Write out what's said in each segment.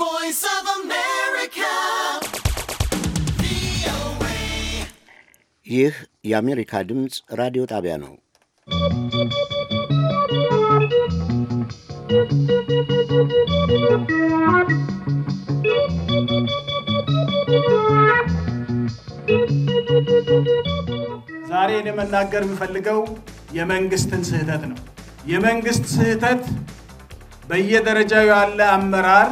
voice of America. ይህ የአሜሪካ ድምፅ ራዲዮ ጣቢያ ነው። ዛሬ ለመናገር የምፈልገው የመንግስትን ስህተት ነው። የመንግስት ስህተት በየደረጃው ያለ አመራር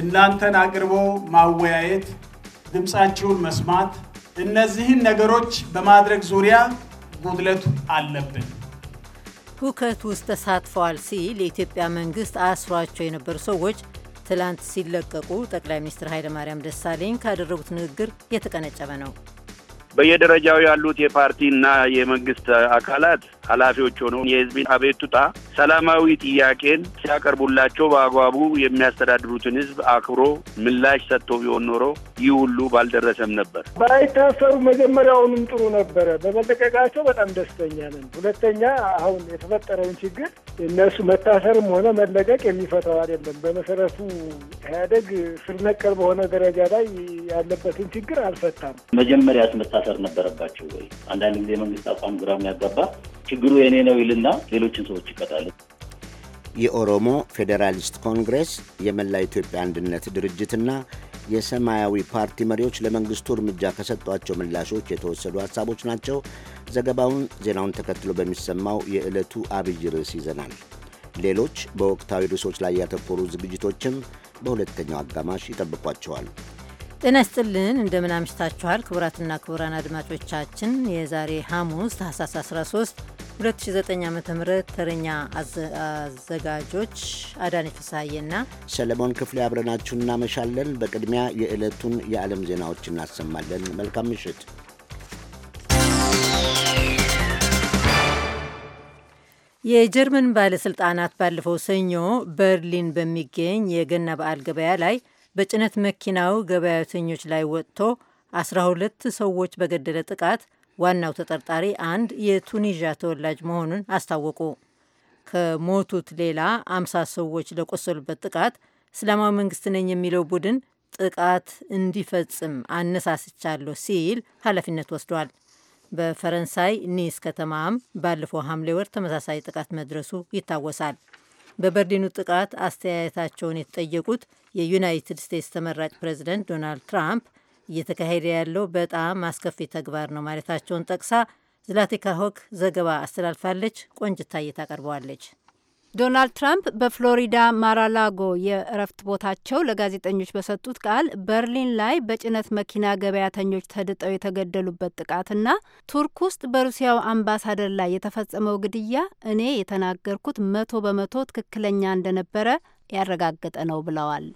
እናንተን አቅርቦ ማወያየት፣ ድምፃችሁን መስማት፣ እነዚህን ነገሮች በማድረግ ዙሪያ ጉድለቱ አለብን። ሁከት ውስጥ ተሳትፈዋል ሲል የኢትዮጵያ መንግስት አስሯቸው የነበሩ ሰዎች ትላንት ሲለቀቁ ጠቅላይ ሚኒስትር ኃይለማርያም ደሳለኝ ካደረጉት ንግግር የተቀነጨበ ነው። በየደረጃው ያሉት የፓርቲ እና የመንግስት አካላት ኃላፊዎች ሆነው የህዝብን አቤቱታ ሰላማዊ ጥያቄን ሲያቀርቡላቸው በአግባቡ የሚያስተዳድሩትን ህዝብ አክብሮ ምላሽ ሰጥቶ ቢሆን ኖሮ ይህ ሁሉ ባልደረሰም ነበር። ባይታሰሩ መጀመሪያውንም ጥሩ ነበረ። በመለቀቃቸው በጣም ደስተኛ ነን። ሁለተኛ አሁን የተፈጠረውን ችግር እነሱ መታሰርም ሆነ መለቀቅ የሚፈታው አይደለም። በመሰረቱ ኢህአዴግ ስር ነቀል በሆነ ደረጃ ላይ ያለበትን ችግር አልፈታም። መጀመሪያስ መታሰር ነበረባቸው ወይ? አንዳንድ ጊዜ መንግስት አቋም ግራ ያጋባ ችግሩ የእኔ ነው ይልና ሌሎችን ሰዎች ይቀጣል። የኦሮሞ ፌዴራሊስት ኮንግሬስ፣ የመላ ኢትዮጵያ አንድነት ድርጅትና የሰማያዊ ፓርቲ መሪዎች ለመንግስቱ እርምጃ ከሰጧቸው ምላሾች የተወሰዱ ሀሳቦች ናቸው። ዘገባውን ዜናውን ተከትሎ በሚሰማው የዕለቱ አብይ ርዕስ ይዘናል። ሌሎች በወቅታዊ ርዕሶች ላይ ያተኮሩ ዝግጅቶችም በሁለተኛው አጋማሽ ይጠብቋቸዋል። ጤና ይስጥልን፣ እንደምን አምሽታችኋል ክቡራትና ክቡራን አድማጮቻችን የዛሬ ሐሙስ ታህሳስ 13 2009 ም ተረኛ አዘጋጆች አዳነች ፍስሐዬና ሰለሞን ክፍሌ አብረናችሁ እናመሻለን። በቅድሚያ የዕለቱን የዓለም ዜናዎች እናሰማለን። መልካም ምሽት። የጀርመን ባለሥልጣናት ባለፈው ሰኞ በርሊን በሚገኝ የገና በዓል ገበያ ላይ በጭነት መኪናው ገበያተኞች ላይ ወጥቶ 12 ሰዎች በገደለ ጥቃት ዋናው ተጠርጣሪ አንድ የቱኒዥያ ተወላጅ መሆኑን አስታወቁ። ከሞቱት ሌላ አምሳ ሰዎች ለቆሰሉበት ጥቃት እስላማዊ መንግስት ነኝ የሚለው ቡድን ጥቃት እንዲፈጽም አነሳስቻለሁ ሲል ኃላፊነት ወስዷል። በፈረንሳይ ኒስ ከተማም ባለፈው ሐምሌ ወር ተመሳሳይ ጥቃት መድረሱ ይታወሳል። በበርሊኑ ጥቃት አስተያየታቸውን የተጠየቁት የዩናይትድ ስቴትስ ተመራጭ ፕሬዚደንት ዶናልድ ትራምፕ እየተካሄደ ያለው በጣም አስከፊ ተግባር ነው ማለታቸውን ጠቅሳ ዝላቲካ ሆክ ዘገባ አስተላልፋለች። ቆንጅታዬ ታቀርበዋለች። ዶናልድ ትራምፕ በፍሎሪዳ ማራላጎ የእረፍት ቦታቸው ለጋዜጠኞች በሰጡት ቃል በርሊን ላይ በጭነት መኪና ገበያተኞች ተድጠው የተገደሉበት ጥቃትና ቱርክ ውስጥ በሩሲያው አምባሳደር ላይ የተፈጸመው ግድያ እኔ የተናገርኩት መቶ በመቶ ትክክለኛ እንደነበረ ያረጋገጠ ነው ብለዋል።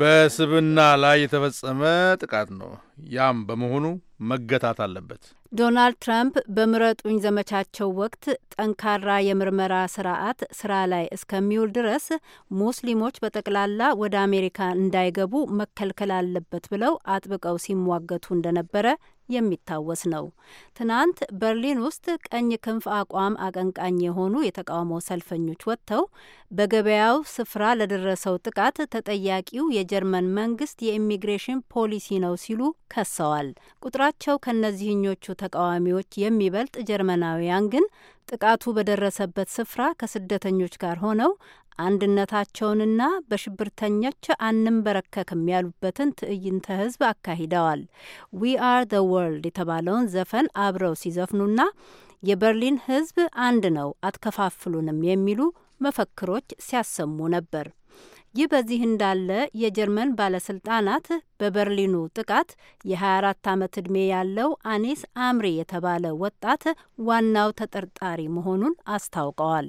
በስብና ላይ የተፈጸመ ጥቃት ነው። ያም በመሆኑ መገታት አለበት። ዶናልድ ትራምፕ በምረጡኝ ዘመቻቸው ወቅት ጠንካራ የምርመራ ስርዓት ስራ ላይ እስከሚውል ድረስ ሙስሊሞች በጠቅላላ ወደ አሜሪካ እንዳይገቡ መከልከል አለበት ብለው አጥብቀው ሲሟገቱ እንደነበረ የሚታወስ ነው። ትናንት በርሊን ውስጥ ቀኝ ክንፍ አቋም አቀንቃኝ የሆኑ የተቃውሞ ሰልፈኞች ወጥተው በገበያው ስፍራ ለደረሰው ጥቃት ተጠያቂው የጀርመን መንግስት የኢሚግሬሽን ፖሊሲ ነው ሲሉ ከሰዋል። ቁጥራቸው ከነዚህኞቹ ተቃዋሚዎች የሚበልጥ ጀርመናውያን ግን ጥቃቱ በደረሰበት ስፍራ ከስደተኞች ጋር ሆነው አንድነታቸውንና በሽብርተኞች አንንበረከክም ያሉበትን ትዕይንተ ህዝብ አካሂደዋል። ዊ አር ዘ ወርልድ የተባለውን ዘፈን አብረው ሲዘፍኑና የበርሊን ህዝብ አንድ ነው፣ አትከፋፍሉንም የሚሉ መፈክሮች ሲያሰሙ ነበር። ይህ በዚህ እንዳለ የጀርመን ባለስልጣናት በበርሊኑ ጥቃት የ24 ዓመት ዕድሜ ያለው አኒስ አምሪ የተባለ ወጣት ዋናው ተጠርጣሪ መሆኑን አስታውቀዋል።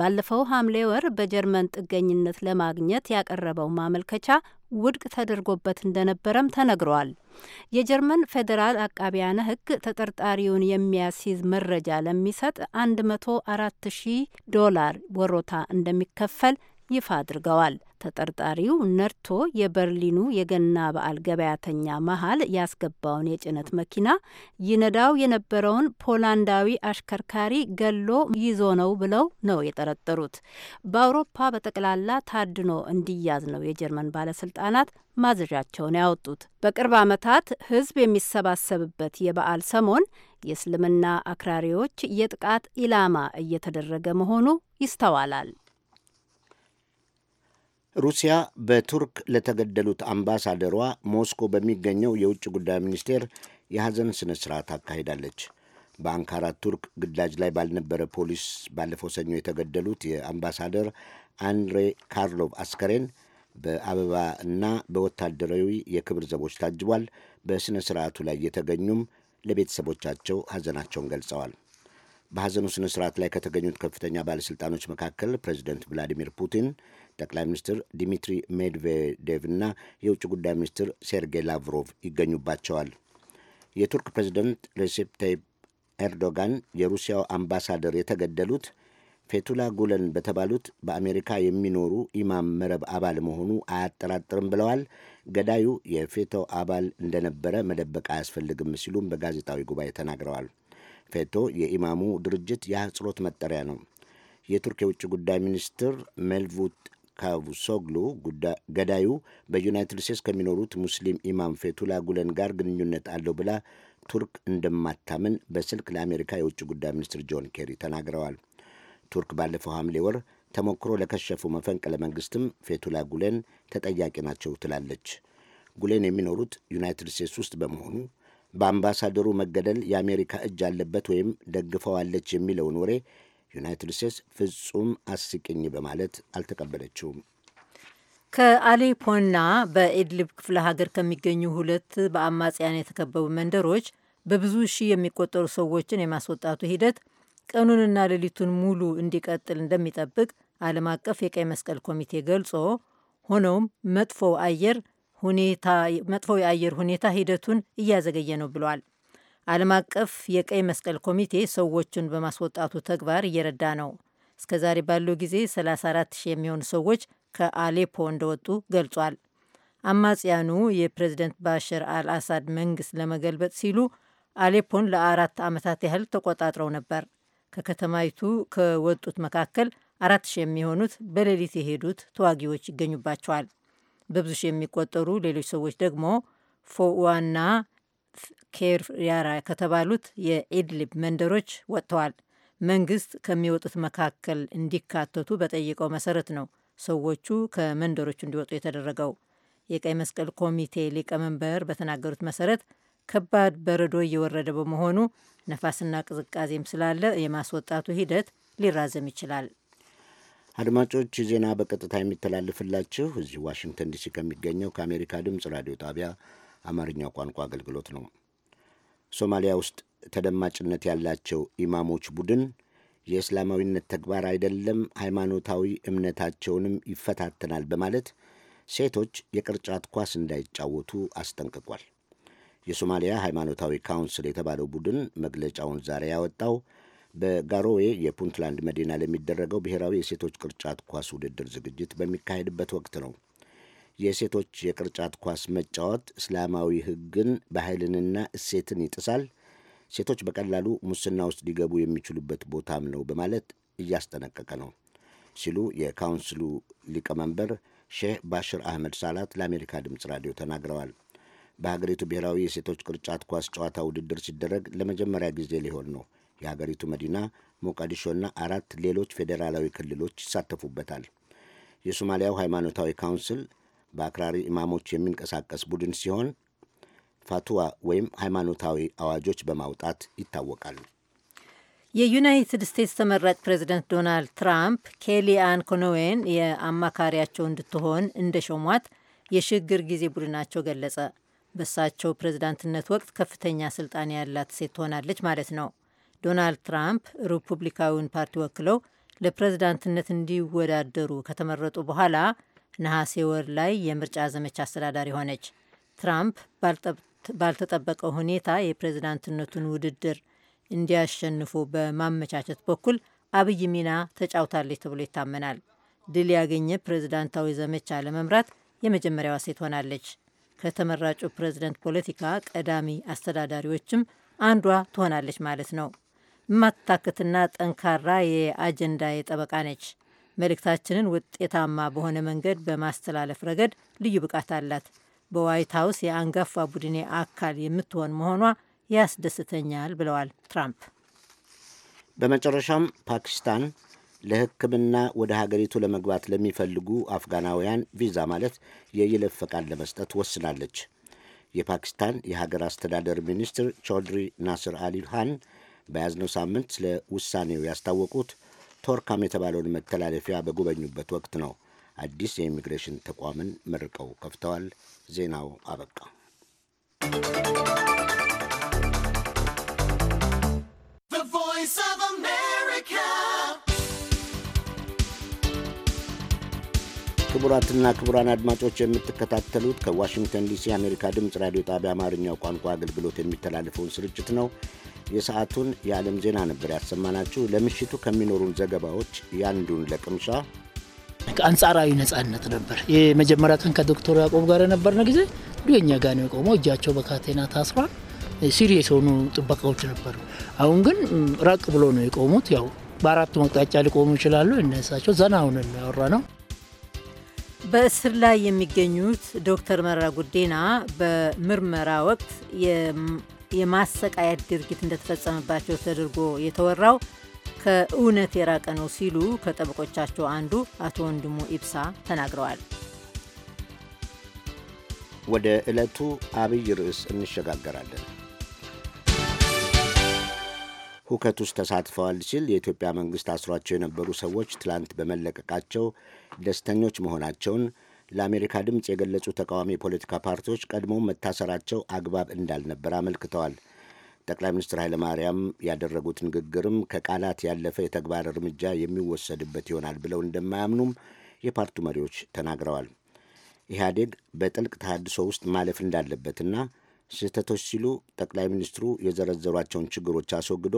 ባለፈው ሐምሌ ወር በጀርመን ጥገኝነት ለማግኘት ያቀረበው ማመልከቻ ውድቅ ተደርጎበት እንደነበረም ተነግሯል። የጀርመን ፌዴራል አቃቢያነ ሕግ ተጠርጣሪውን የሚያስይዝ መረጃ ለሚሰጥ 104 ሺህ ዶላር ወሮታ እንደሚከፈል ይፋ አድርገዋል። ተጠርጣሪው ነርቶ የበርሊኑ የገና በዓል ገበያተኛ መሀል ያስገባውን የጭነት መኪና ይነዳው የነበረውን ፖላንዳዊ አሽከርካሪ ገሎ ይዞ ነው ብለው ነው የጠረጠሩት። በአውሮፓ በጠቅላላ ታድኖ እንዲያዝ ነው የጀርመን ባለስልጣናት ማዘዣቸውን ያወጡት። በቅርብ ዓመታት ሕዝብ የሚሰባሰብበት የበዓል ሰሞን የእስልምና አክራሪዎች የጥቃት ኢላማ እየተደረገ መሆኑ ይስተዋላል። ሩሲያ በቱርክ ለተገደሉት አምባሳደሯ ሞስኮ በሚገኘው የውጭ ጉዳይ ሚኒስቴር የሐዘን ሥነ ሥርዓት አካሂዳለች። በአንካራ ቱርክ ግዳጅ ላይ ባልነበረ ፖሊስ ባለፈው ሰኞ የተገደሉት የአምባሳደር አንድሬ ካርሎቭ አስከሬን በአበባ እና በወታደራዊ የክብር ዘቦች ታጅቧል። በሥነ ሥርዓቱ ላይ የተገኙም ለቤተሰቦቻቸው ሐዘናቸውን ገልጸዋል። በሐዘኑ ሥነ ሥርዓት ላይ ከተገኙት ከፍተኛ ባለሥልጣኖች መካከል ፕሬዚደንት ቭላዲሚር ፑቲን ጠቅላይ ሚኒስትር ዲሚትሪ ሜድቬዴቭ እና የውጭ ጉዳይ ሚኒስትር ሴርጌይ ላቭሮቭ ይገኙባቸዋል። የቱርክ ፕሬዚደንት ሬሴፕ ታይፕ ኤርዶጋን የሩሲያው አምባሳደር የተገደሉት ፌቱላ ጉለን በተባሉት በአሜሪካ የሚኖሩ ኢማም መረብ አባል መሆኑ አያጠራጥርም ብለዋል። ገዳዩ የፌቶ አባል እንደነበረ መደበቅ አያስፈልግም ሲሉም በጋዜጣዊ ጉባኤ ተናግረዋል። ፌቶ የኢማሙ ድርጅት የአጽሮት መጠሪያ ነው። የቱርክ የውጭ ጉዳይ ሚኒስትር ሜቭሉት ካቡሶግሉ ገዳዩ በዩናይትድ ስቴትስ ከሚኖሩት ሙስሊም ኢማም ፌቱላ ጉለን ጋር ግንኙነት አለው ብላ ቱርክ እንደማታምን በስልክ ለአሜሪካ የውጭ ጉዳይ ሚኒስትር ጆን ኬሪ ተናግረዋል። ቱርክ ባለፈው ሐምሌ ወር ተሞክሮ ለከሸፉ መፈንቅለ መንግስትም ፌቱላ ጉሌን ተጠያቂ ናቸው ትላለች። ጉሌን የሚኖሩት ዩናይትድ ስቴትስ ውስጥ በመሆኑ በአምባሳደሩ መገደል የአሜሪካ እጅ አለበት ወይም ደግፈዋለች የሚለውን ወሬ ዩናይትድ ስቴትስ ፍጹም አስቂኝ በማለት አልተቀበለችውም። ከአሌፖና በኢድሊብ ክፍለ ሀገር ከሚገኙ ሁለት በአማጽያን የተከበቡ መንደሮች በብዙ ሺህ የሚቆጠሩ ሰዎችን የማስወጣቱ ሂደት ቀኑንና ሌሊቱን ሙሉ እንዲቀጥል እንደሚጠብቅ ዓለም አቀፍ የቀይ መስቀል ኮሚቴ ገልጾ፣ ሆኖም መጥፎው የአየር ሁኔታ ሂደቱን እያዘገየ ነው ብሏል። ዓለም አቀፍ የቀይ መስቀል ኮሚቴ ሰዎቹን በማስወጣቱ ተግባር እየረዳ ነው። እስከዛሬ ባለው ጊዜ 34 ሺህ የሚሆኑ ሰዎች ከአሌፖ እንደወጡ ገልጿል። አማጽያኑ የፕሬዚደንት ባሽር አልአሳድ መንግስት ለመገልበጥ ሲሉ አሌፖን ለአራት ዓመታት ያህል ተቆጣጥረው ነበር። ከከተማይቱ ከወጡት መካከል አራት ሺህ የሚሆኑት በሌሊት የሄዱት ተዋጊዎች ይገኙባቸዋል። በብዙ ሺህ የሚቆጠሩ ሌሎች ሰዎች ደግሞ ፎዋና ኬር ያራ ከተባሉት የኢድሊብ መንደሮች ወጥተዋል። መንግስት ከሚወጡት መካከል እንዲካተቱ በጠየቀው መሰረት ነው ሰዎቹ ከመንደሮቹ እንዲወጡ የተደረገው። የቀይ መስቀል ኮሚቴ ሊቀመንበር በተናገሩት መሰረት ከባድ በረዶ እየወረደ በመሆኑ ነፋስና ቅዝቃዜም ስላለ የማስወጣቱ ሂደት ሊራዘም ይችላል። አድማጮች፣ ዜና በቀጥታ የሚተላለፍላችሁ እዚህ ዋሽንግተን ዲሲ ከሚገኘው ከአሜሪካ ድምጽ ራዲዮ ጣቢያ አማርኛ ቋንቋ አገልግሎት ነው። ሶማሊያ ውስጥ ተደማጭነት ያላቸው ኢማሞች ቡድን የእስላማዊነት ተግባር አይደለም፣ ሃይማኖታዊ እምነታቸውንም ይፈታተናል በማለት ሴቶች የቅርጫት ኳስ እንዳይጫወቱ አስጠንቅቋል። የሶማሊያ ሃይማኖታዊ ካውንስል የተባለው ቡድን መግለጫውን ዛሬ ያወጣው በጋሮዌ የፑንትላንድ መዲና ለሚደረገው ብሔራዊ የሴቶች ቅርጫት ኳስ ውድድር ዝግጅት በሚካሄድበት ወቅት ነው። የሴቶች የቅርጫት ኳስ መጫወት እስላማዊ ሕግን ባህልንና እሴትን ይጥሳል፣ ሴቶች በቀላሉ ሙስና ውስጥ ሊገቡ የሚችሉበት ቦታም ነው በማለት እያስጠነቀቀ ነው ሲሉ የካውንስሉ ሊቀመንበር ሼህ ባሽር አህመድ ሳላት ለአሜሪካ ድምፅ ራዲዮ ተናግረዋል። በሀገሪቱ ብሔራዊ የሴቶች ቅርጫት ኳስ ጨዋታ ውድድር ሲደረግ ለመጀመሪያ ጊዜ ሊሆን ነው። የሀገሪቱ መዲና ሞቃዲሾና አራት ሌሎች ፌዴራላዊ ክልሎች ይሳተፉበታል። የሶማሊያው ሃይማኖታዊ ካውንስል በአክራሪ ኢማሞች የሚንቀሳቀስ ቡድን ሲሆን ፋቱዋ ወይም ሃይማኖታዊ አዋጆች በማውጣት ይታወቃል። የዩናይትድ ስቴትስ ተመራጭ ፕሬዚደንት ዶናልድ ትራምፕ ኬሊ ኮኖዌን የአማካሪያቸው እንድትሆን እንደ ሾሟት የሽግግር ጊዜ ቡድናቸው ገለጸ። በሳቸው ፕሬዝዳንትነት ወቅት ከፍተኛ ስልጣን ያላት ሴት ትሆናለች ማለት ነው። ዶናልድ ትራምፕ ሪፑብሊካዊውን ፓርቲ ወክለው ለፕሬዝዳንትነት እንዲወዳደሩ ከተመረጡ በኋላ ነሐሴ ወር ላይ የምርጫ ዘመቻ አስተዳዳሪ ሆነች። ትራምፕ ባልተጠበቀው ሁኔታ የፕሬዝዳንትነቱን ውድድር እንዲያሸንፉ በማመቻቸት በኩል አብይ ሚና ተጫውታለች ተብሎ ይታመናል። ድል ያገኘ ፕሬዝዳንታዊ ዘመቻ ለመምራት የመጀመሪያዋ ሴት ሆናለች። ከተመራጩ ፕሬዝደንት ፖለቲካ ቀዳሚ አስተዳዳሪዎችም አንዷ ትሆናለች ማለት ነው። የማትታክትና ጠንካራ የአጀንዳ የጠበቃ ነች። መልእክታችንን ውጤታማ በሆነ መንገድ በማስተላለፍ ረገድ ልዩ ብቃት አላት። በዋይት ሀውስ የአንጋፋ ቡድኔ አካል የምትሆን መሆኗ ያስደስተኛል ብለዋል ትራምፕ። በመጨረሻም ፓኪስታን ለሕክምና ወደ ሀገሪቱ ለመግባት ለሚፈልጉ አፍጋናውያን ቪዛ ማለት የይለፍ ፈቃድ ለመስጠት ወስናለች። የፓኪስታን የሀገር አስተዳደር ሚኒስትር ቾድሪ ናስር አሊ ሃን በያዝነው ሳምንት ስለ ውሳኔው ያስታወቁት ቶርካም የተባለውን መተላለፊያ በጎበኙበት ወቅት ነው አዲስ የኢሚግሬሽን ተቋምን መርቀው ከፍተዋል። ዜናው አበቃ። ክቡራትና ክቡራን አድማጮች የምትከታተሉት ከዋሽንግተን ዲሲ የአሜሪካ ድምፅ ራዲዮ ጣቢያ አማርኛው ቋንቋ አገልግሎት የሚተላለፈውን ስርጭት ነው። የሰዓቱን የዓለም ዜና ነበር ያሰማናችሁ። ለምሽቱ ከሚኖሩን ዘገባዎች ያንዱን ለቅምሻ አንጻራዊ ነጻነት ነበር። የመጀመሪያ ቀን ከዶክተር ያዕቆብ ጋር የነበርን ጊዜ ዱኛ ጋር ነው የቆመው። እጃቸው በካቴና ታስሯል። ሲሪየስ የሆኑ ጥበቃዎች ነበሩ። አሁን ግን ራቅ ብሎ ነው የቆሙት። ያው በአራቱ መቅጣጫ ሊቆሙ ይችላሉ። እነሳቸው ዘናውን ያወራ ነው በእስር ላይ የሚገኙት ዶክተር መረራ ጉዲና በምርመራ ወቅት የማሰቃየት ድርጊት እንደተፈጸመባቸው ተደርጎ የተወራው ከእውነት የራቀ ነው ሲሉ ከጠበቆቻቸው አንዱ አቶ ወንድሙ ኢብሳ ተናግረዋል። ወደ ዕለቱ አብይ ርዕስ እንሸጋገራለን። ሁከት ውስጥ ተሳትፈዋል ሲል የኢትዮጵያ መንግሥት አስሯቸው የነበሩ ሰዎች ትላንት በመለቀቃቸው ደስተኞች መሆናቸውን ለአሜሪካ ድምፅ የገለጹ ተቃዋሚ የፖለቲካ ፓርቲዎች ቀድሞም መታሰራቸው አግባብ እንዳልነበር አመልክተዋል። ጠቅላይ ሚኒስትር ኃይለማርያም ያደረጉት ንግግርም ከቃላት ያለፈ የተግባር እርምጃ የሚወሰድበት ይሆናል ብለው እንደማያምኑም የፓርቲው መሪዎች ተናግረዋል። ኢህአዴግ በጥልቅ ተሃድሶ ውስጥ ማለፍ እንዳለበትና ስህተቶች ሲሉ ጠቅላይ ሚኒስትሩ የዘረዘሯቸውን ችግሮች አስወግዶ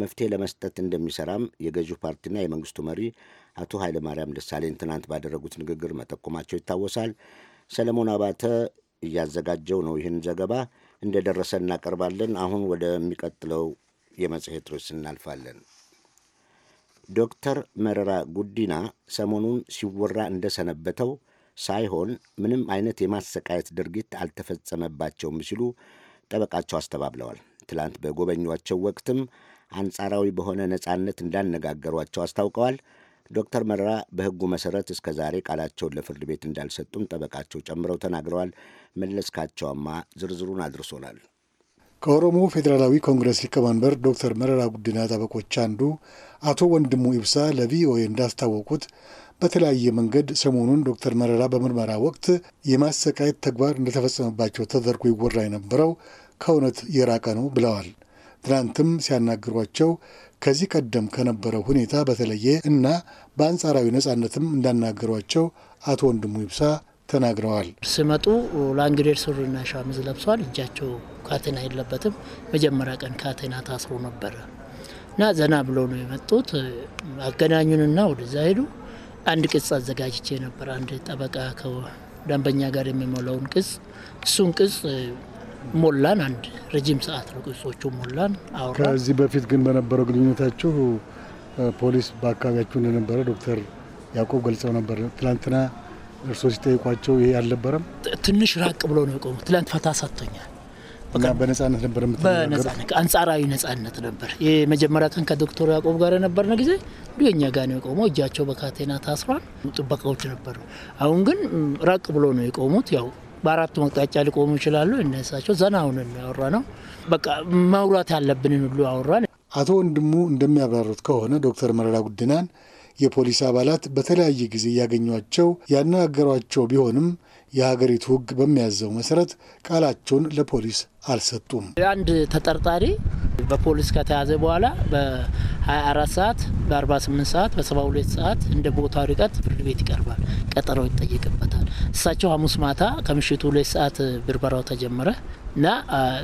መፍትሄ ለመስጠት እንደሚሰራም የገዢው ፓርቲና የመንግስቱ መሪ አቶ ኃይለማርያም ደሳለኝ ትናንት ባደረጉት ንግግር መጠቆማቸው ይታወሳል። ሰለሞን አባተ እያዘጋጀው ነው ይህን ዘገባ እንደደረሰ እናቀርባለን። አሁን ወደሚቀጥለው የመጽሔት ርዕስ እናልፋለን። ዶክተር መረራ ጉዲና ሰሞኑን ሲወራ እንደሰነበተው ሳይሆን ምንም አይነት የማሰቃየት ድርጊት አልተፈጸመባቸውም ሲሉ ጠበቃቸው አስተባብለዋል። ትላንት በጎበኟቸው ወቅትም አንጻራዊ በሆነ ነጻነት እንዳነጋገሯቸው አስታውቀዋል። ዶክተር መረራ በሕጉ መሰረት እስከ ዛሬ ቃላቸውን ለፍርድ ቤት እንዳልሰጡም ጠበቃቸው ጨምረው ተናግረዋል። መለስካቸውማ ዝርዝሩን አድርሶናል። ከኦሮሞ ፌዴራላዊ ኮንግረስ ሊቀመንበር ዶክተር መረራ ጉዲና ጠበቆች አንዱ አቶ ወንድሙ ኢብሳ ለቪኦኤ እንዳስታወቁት በተለያየ መንገድ ሰሞኑን ዶክተር መረራ በምርመራ ወቅት የማሰቃየት ተግባር እንደተፈጸመባቸው ተደርጎ ይወራ የነበረው ከእውነት የራቀ ነው ብለዋል። ትናንትም ሲያናግሯቸው ከዚህ ቀደም ከነበረው ሁኔታ በተለየ እና በአንጻራዊ ነጻነትም እንዳናገሯቸው አቶ ወንድሙ ይብሳ ተናግረዋል። ስመጡ ላንግዴር ሱሪና ሸሚዝ ለብሷል። እጃቸው ካቴና የለበትም። መጀመሪያ ቀን ካቴና ታስሮ ነበረ እና ዘና ብሎ ነው የመጡት። አገናኙንና ወደዛ ሄዱ። አንድ ቅጽ አዘጋጅቼ ነበር። አንድ ጠበቃ ከደንበኛ ጋር የሚሞላውን ቅጽ እሱን ቅጽ ሞላን። አንድ ረጅም ሰዓት ነው ግብጾቹ ሞላን አውራ። ከዚህ በፊት ግን በነበረው ግንኙነታችሁ ፖሊስ በአካባቢያችሁ እንደነበረ ዶክተር ያዕቆብ ገልጸው ነበር። ትላንትና እርስዎ ሲጠይቋቸው ይሄ አልነበረም? ትንሽ ራቅ ብሎ ነው የቆሙ። ትላንት ፈታ ሰጥቶኛል። በነጻነት ነበር በነጻነት አንጻራዊ ነጻነት ነበር። የመጀመሪያ ቀን ከዶክተር ያዕቆብ ጋር የነበርነ ጊዜ እንዲሁ የኛ ጋር ነው የቆመው። እጃቸው በካቴና ታስሯል፣ ጥበቃዎች ነበሩ። አሁን ግን ራቅ ብሎ ነው የቆሙት ያው በአራቱ መቅጣጫ ሊቆሙ ይችላሉ። እነሳቸው ዘና ያወራ ነው። በቃ መውራት ያለብንን ሁሉ አወራን። አቶ ወንድሙ እንደሚያብራሩት ከሆነ ዶክተር መረራ ጉድናን የፖሊስ አባላት በተለያየ ጊዜ ያገኟቸው ያነጋገሯቸው ቢሆንም የሀገሪቱ ሕግ በሚያዘው መሰረት ቃላቸውን ለፖሊስ አልሰጡም። አንድ ተጠርጣሪ በፖሊስ ከተያዘ በኋላ በ24 ሰዓት፣ በ48 ሰዓት፣ በ72 ሰዓት እንደ ቦታው ርቀት ፍርድ ቤት ይቀርባል፣ ቀጠሮ ይጠየቅበታል። እሳቸው ሐሙስ ማታ ከምሽቱ ሁለት ሰዓት ብርበራው ተጀመረ። እና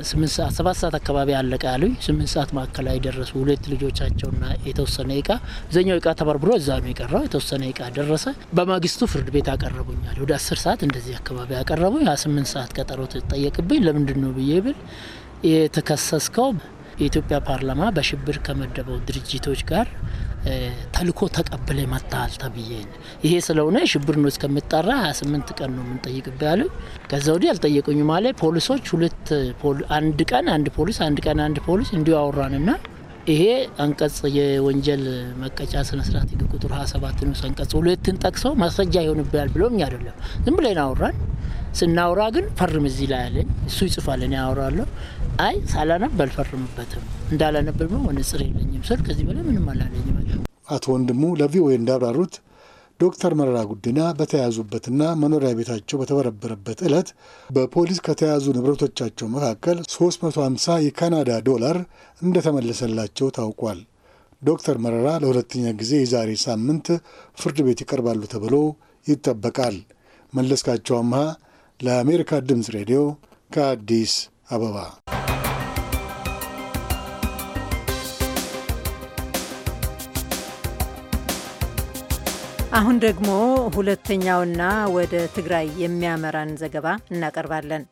ስምንት ሰዓት ሰባት ሰዓት አካባቢ አለቀ ያሉኝ። ስምንት ሰዓት ማዕከላዊ ደረሱ ሁለት ልጆቻቸውና የተወሰነ እቃ እዛኛው እቃ ተበርብሮ እዛ ነው የቀረው። የተወሰነ እቃ ደረሰ። በማግስቱ ፍርድ ቤት አቀረቡኛል። ወደ አስር ሰዓት እንደዚህ አካባቢ አቀረቡኝ። ስምንት ሰዓት ቀጠሮ ትጠየቅብኝ ለምንድን ነው ብዬ ብል የተከሰስከው የኢትዮጵያ ፓርላማ በሽብር ከመደበው ድርጅቶች ጋር ተልኮ ተቀብለ መጣል ተብዬ ይሄ ስለሆነ ሽብር ነው እስከምጠራ 28 ቀን ነው የምንጠይቅብ ያሉ። ከዛ ወዲህ አልጠየቁኝ ማለ ፖሊሶች ሁለት አንድ ቀን አንድ ፖሊስ አንድ ቀን አንድ ፖሊስ እንዲሁ አወራንና ይሄ አንቀጽ የወንጀል መቀጫ ስነስርዓት ህግ ቁጥር 27 ንዑስ አንቀጽ ሁለትን ጠቅሰው ማስረጃ ይሆንብሃል ብሎም አይደለም ዝም ብለን አወራን። ስናወራ ግን ፈርም እዚህ ላይ ያለኝ እሱ ይጽፋለን ያወራለሁ አይ ሳላነብ አልፈርምበትም እንዳላነብማ መነጽር የለኝም ስል ከዚህ በላይ ምንም አላለኝም። አቶ ወንድሙ ለቪኦኤ እንዳብራሩት ዶክተር መረራ ጉዲና በተያዙበትና መኖሪያ ቤታቸው በተበረበረበት ዕለት በፖሊስ ከተያዙ ንብረቶቻቸው መካከል 350 የካናዳ ዶላር እንደተመለሰላቸው ታውቋል። ዶክተር መረራ ለሁለተኛ ጊዜ የዛሬ ሳምንት ፍርድ ቤት ይቀርባሉ ተብሎ ይጠበቃል። መለስካቸው አምሃ ለአሜሪካ ድምፅ ሬዲዮ ከአዲስ አበባ አሁን ደግሞ ሁለተኛውና ወደ ትግራይ የሚያመራን ዘገባ እናቀርባለን።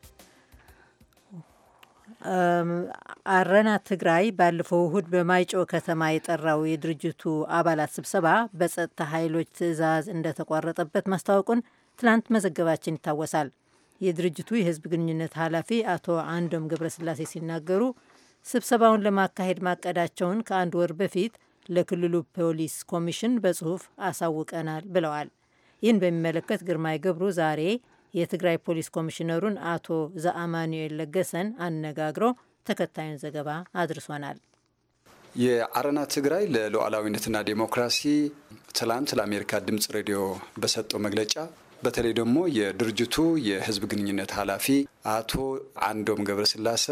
አረና ትግራይ ባለፈው እሁድ በማይጮ ከተማ የጠራው የድርጅቱ አባላት ስብሰባ በጸጥታ ኃይሎች ትዕዛዝ እንደተቋረጠበት ማስታወቁን ትናንት መዘገባችን ይታወሳል። የድርጅቱ የሕዝብ ግንኙነት ኃላፊ አቶ አንዶም ገብረስላሴ ሲናገሩ ስብሰባውን ለማካሄድ ማቀዳቸውን ከአንድ ወር በፊት ለክልሉ ፖሊስ ኮሚሽን በጽሁፍ አሳውቀናል ብለዋል። ይህን በሚመለከት ግርማይ ገብሩ ዛሬ የትግራይ ፖሊስ ኮሚሽነሩን አቶ ዘአማኑኤል ለገሰን አነጋግሮ ተከታዩን ዘገባ አድርሶናል። የአረና ትግራይ ለሉዓላዊነትና ዴሞክራሲ ትላንት ለአሜሪካ ድምፅ ሬዲዮ በሰጠው መግለጫ በተለይ ደግሞ የድርጅቱ የህዝብ ግንኙነት ኃላፊ አቶ አንዶም ገብረስላሴ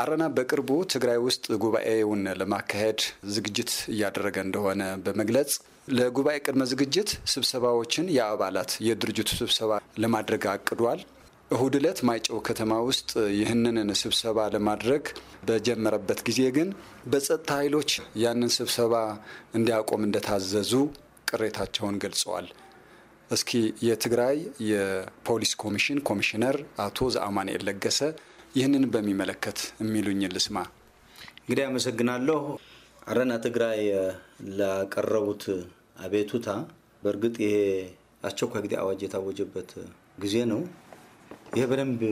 አረና በቅርቡ ትግራይ ውስጥ ጉባኤውን ለማካሄድ ዝግጅት እያደረገ እንደሆነ በመግለጽ ለጉባኤ ቅድመ ዝግጅት ስብሰባዎችን የአባላት የድርጅቱ ስብሰባ ለማድረግ አቅዷል። እሁድ ዕለት ማይጨው ከተማ ውስጥ ይህንን ስብሰባ ለማድረግ በጀመረበት ጊዜ ግን በጸጥታ ኃይሎች ያንን ስብሰባ እንዲያቆም እንደታዘዙ ቅሬታቸውን ገልጸዋል። እስኪ የትግራይ የፖሊስ ኮሚሽን ኮሚሽነር አቶ ዘአማንኤል ለገሰ ይህንን በሚመለከት የሚሉኝ ልስማ። እንግዲህ አመሰግናለሁ። አረና ትግራይ ላቀረቡት አቤቱታ በእርግጥ ይሄ አስቸኳይ ጊዜ አዋጅ የታወጀበት ጊዜ ነው። ይሄ በደንብ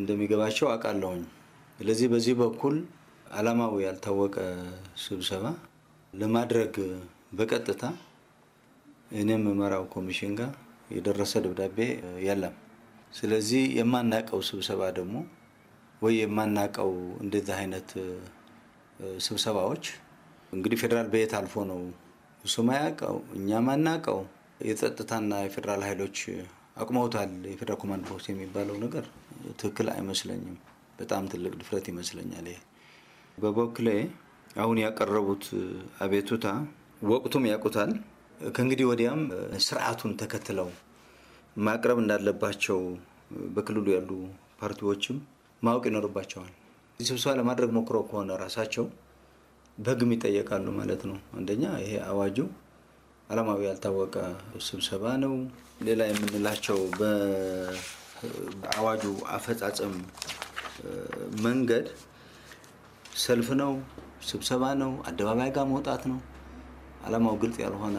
እንደሚገባቸው አውቃለሁኝ። ስለዚህ በዚህ በኩል ዓላማው ያልታወቀ ስብሰባ ለማድረግ በቀጥታ እኔም መራው ኮሚሽን ጋር የደረሰ ደብዳቤ የለም። ስለዚህ የማናውቀው ስብሰባ ደግሞ ወይ የማናቀው እንደዚህ አይነት ስብሰባዎች እንግዲህ ፌዴራል በየት አልፎ ነው እሱ ማያውቀው እኛ ማናቀው የጸጥታና የፌዴራል ኃይሎች አቁመውታል። የፌዴራል ኮማንድ ፖስት የሚባለው ነገር ትክክል አይመስለኝም። በጣም ትልቅ ድፍረት ይመስለኛል። ይሄ በበኩሌ አሁን ያቀረቡት አቤቱታ ወቅቱም ያውቁታል። ከእንግዲህ ወዲያም ስርዓቱን ተከትለው ማቅረብ እንዳለባቸው በክልሉ ያሉ ፓርቲዎችም ማወቅ ይኖርባቸዋል። ስብሰባ ለማድረግ ሞክሮ ከሆነ ራሳቸው በህግም ይጠየቃሉ ማለት ነው። አንደኛ ይሄ አዋጁ አላማዊ ያልታወቀ ስብሰባ ነው። ሌላ የምንላቸው በአዋጁ አፈጻጸም መንገድ ሰልፍ ነው፣ ስብሰባ ነው፣ አደባባይ ጋር መውጣት ነው። አላማው ግልጽ ያልሆነ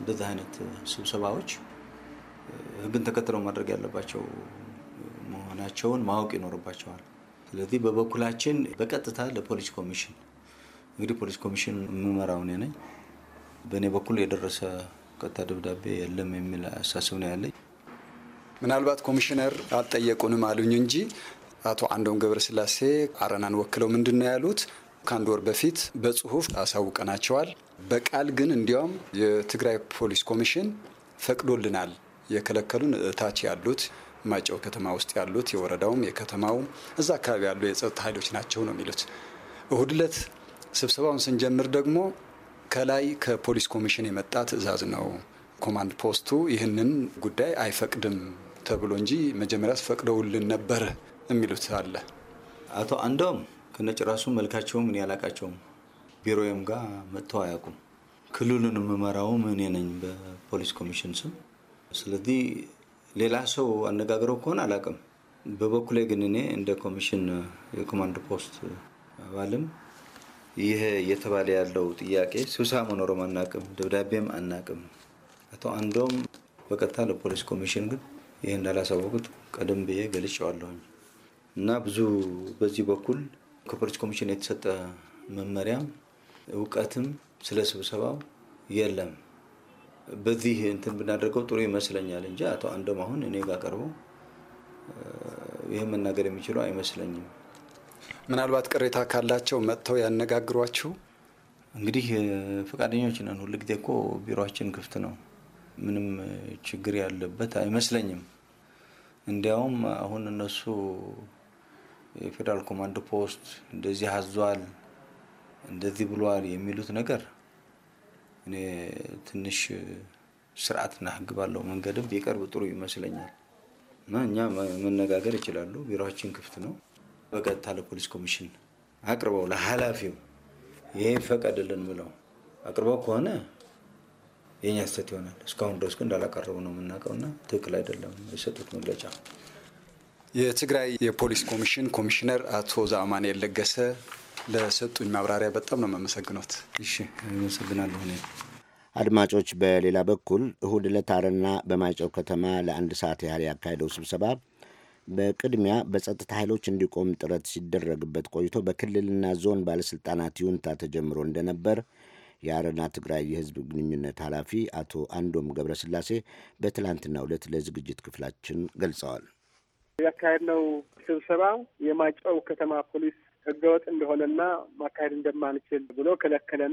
እንደዚህ አይነት ስብሰባዎች ህግን ተከትለው ማድረግ ያለባቸው መሆናቸውን ማወቅ ይኖርባቸዋል። ስለዚህ በበኩላችን በቀጥታ ለፖሊስ ኮሚሽን እንግዲህ ፖሊስ ኮሚሽን የምመራው እኔ ነኝ። በእኔ በኩል የደረሰ ቀጥታ ደብዳቤ የለም የሚል አሳስብ ነው ያለኝ። ምናልባት ኮሚሽነር አልጠየቁንም አሉኝ እንጂ አቶ አንዶም ገብረስላሴ አረናን ወክለው ምንድን ነው ያሉት? ከአንድ ወር በፊት በጽሁፍ አሳውቀናቸዋል። በቃል ግን እንዲያውም የትግራይ ፖሊስ ኮሚሽን ፈቅዶልናል፣ የከለከሉን እታች ያሉት ማጨው ከተማ ውስጥ ያሉት የወረዳውም የከተማውም እዛ አካባቢ ያሉ የጸጥታ ኃይሎች ናቸው ነው የሚሉት። እሁድ ዕለት ስብሰባውን ስንጀምር ደግሞ ከላይ ከፖሊስ ኮሚሽን የመጣ ትዕዛዝ ነው። ኮማንድ ፖስቱ ይህንን ጉዳይ አይፈቅድም ተብሎ እንጂ መጀመሪያ ፈቅደውልን ነበር የሚሉት አለ። አቶ አንዶም ራሱ መልካቸውም እኔ አላቃቸውም። ቢሮዬም ጋር መጥተው አያውቁም። ክልሉን የምመራውም እኔ ነኝ በፖሊስ ኮሚሽን ስም። ስለዚህ ሌላ ሰው አነጋግረው ከሆነ አላውቅም። በበኩሌ ግን እኔ እንደ ኮሚሽን የኮማንድ ፖስት አባልም ይህ እየተባለ ያለው ጥያቄ ስብሰባ መኖሩም አናውቅም፣ ደብዳቤም አናውቅም። አቶ አንዶም በቀጥታ ለፖሊስ ኮሚሽን ግን ይህ እንዳላሳወቁት ቀደም ብዬ ገልጬዋለሁኝ እና ብዙ በዚህ በኩል ከፖሊስ ኮሚሽን የተሰጠ መመሪያም እውቀትም ስለ ስብሰባው የለም። በዚህ እንትን ብናደርገው ጥሩ ይመስለኛል እንጂ አቶ አንዶም አሁን እኔ ጋር ቀርቦ ይህን መናገር የሚችሉ አይመስለኝም። ምናልባት ቅሬታ ካላቸው መጥተው ያነጋግሯችሁ። እንግዲህ ፈቃደኞች ነን። ጊዜ እኮ ቢሮችን ክፍት ነው። ምንም ችግር ያለበት አይመስለኝም። እንዲያውም አሁን እነሱ የፌዴራል ኮማንድ ፖስት እንደዚህ አዟል፣ እንደዚህ ብሏል የሚሉት ነገር እኔ ትንሽ ስርዓትና ህግ ባለው መንገድም ቢቀርብ ጥሩ ይመስለኛል እና እኛ መነጋገር ይችላሉ። ቢሮችን ክፍት ነው። በቀጥታ ለፖሊስ ኮሚሽን አቅርበው ለኃላፊው ይሄ ፈቀድልን ብለው አቅርበው ከሆነ የኛ ስተት ይሆናል። እስካሁን ድረስ ግን እንዳላቀረቡ ነው የምናውቀውና ትክክል አይደለም የሰጡት መግለጫ። የትግራይ የፖሊስ ኮሚሽን ኮሚሽነር አቶ ዛማኔል ለገሰ ለሰጡኝ ማብራሪያ በጣም ነው የማመሰግኖት። እሺ አመሰግናለሁ። አድማጮች፣ በሌላ በኩል እሁድ ዕለት አረና በማይጨው ከተማ ለአንድ ሰዓት ያህል ያካሄደው ስብሰባ በቅድሚያ በጸጥታ ኃይሎች እንዲቆም ጥረት ሲደረግበት ቆይቶ በክልልና ዞን ባለሥልጣናት ይሁንታ ተጀምሮ እንደነበር የአረና ትግራይ የሕዝብ ግንኙነት ኃላፊ አቶ አንዶም ገብረስላሴ በትላንትና ዕለት ለዝግጅት ክፍላችን ገልጸዋል። ያካሄድነው ስብሰባ የማይጨው ከተማ ፖሊስ ህገወጥ እንደሆነና ማካሄድ እንደማንችል ብሎ ከለከለን።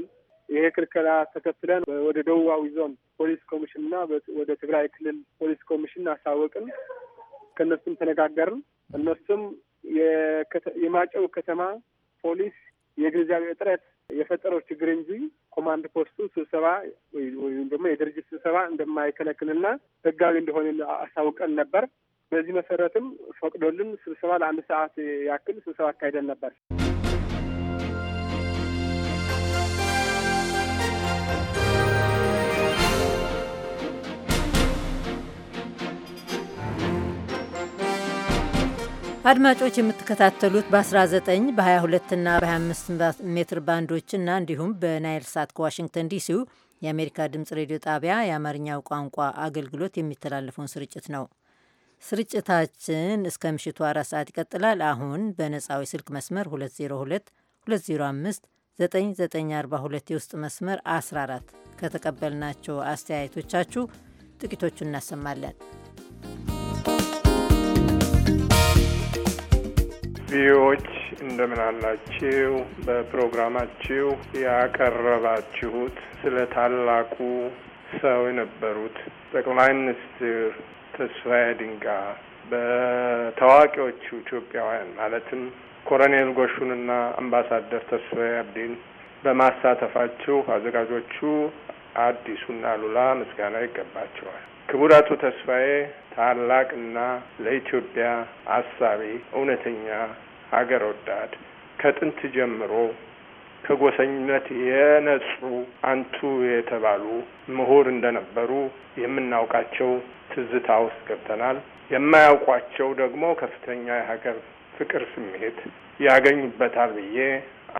ይሄ ክልከላ ተከትለን ወደ ደቡባዊ ዞን ፖሊስ ኮሚሽንና ወደ ትግራይ ክልል ፖሊስ ኮሚሽን አሳወቅን። ከእነሱም ተነጋገርን። እነሱም የማጨው ከተማ ፖሊስ የግንዛቤ እጥረት የፈጠረው ችግር እንጂ ኮማንድ ፖስቱ ስብሰባ ወይም ደግሞ የድርጅት ስብሰባ እንደማይከለክልና ህጋዊ እንደሆነ አሳውቀን ነበር። በዚህ መሰረትም ፈቅዶልን ስብሰባ ለአንድ ሰዓት ያክል ስብሰባ አካሂደን ነበር። አድማጮች የምትከታተሉት በ19 በ22 እና በ25 ሜትር ባንዶችና እንዲሁም በናይል ሳት ከዋሽንግተን ዲሲው የአሜሪካ ድምጽ ሬዲዮ ጣቢያ የአማርኛው ቋንቋ አገልግሎት የሚተላለፈውን ስርጭት ነው። ስርጭታችን እስከ ምሽቱ አራት ሰዓት ይቀጥላል። አሁን በነጻው የስልክ መስመር 202 205 9942 የውስጥ መስመር 14 ከተቀበልናቸው አስተያየቶቻችሁ ጥቂቶቹን እናሰማለን። ቪዎች እንደምን አላችሁ? በፕሮግራማችሁ ያቀረባችሁት ስለ ታላቁ ሰው የነበሩት ጠቅላይ ሚኒስትር ተስፋዬ ድንቃ በታዋቂዎቹ ኢትዮጵያውያን ማለትም ኮሎኔል ጎሹንና አምባሳደር ተስፋዬ አብዲን በማሳተፋችሁ አዘጋጆቹ አዲሱና ሉላ ምስጋና ይገባቸዋል። ክቡር አቶ ተስፋዬ ታላቅና ለኢትዮጵያ አሳቢ እውነተኛ ሀገር ወዳድ ከጥንት ጀምሮ ከጎሰኝነት የነጹ አንቱ የተባሉ ምሁር እንደነበሩ የምናውቃቸው ትዝታ ውስጥ ገብተናል። የማያውቋቸው ደግሞ ከፍተኛ የሀገር ፍቅር ስሜት ያገኙበታል ብዬ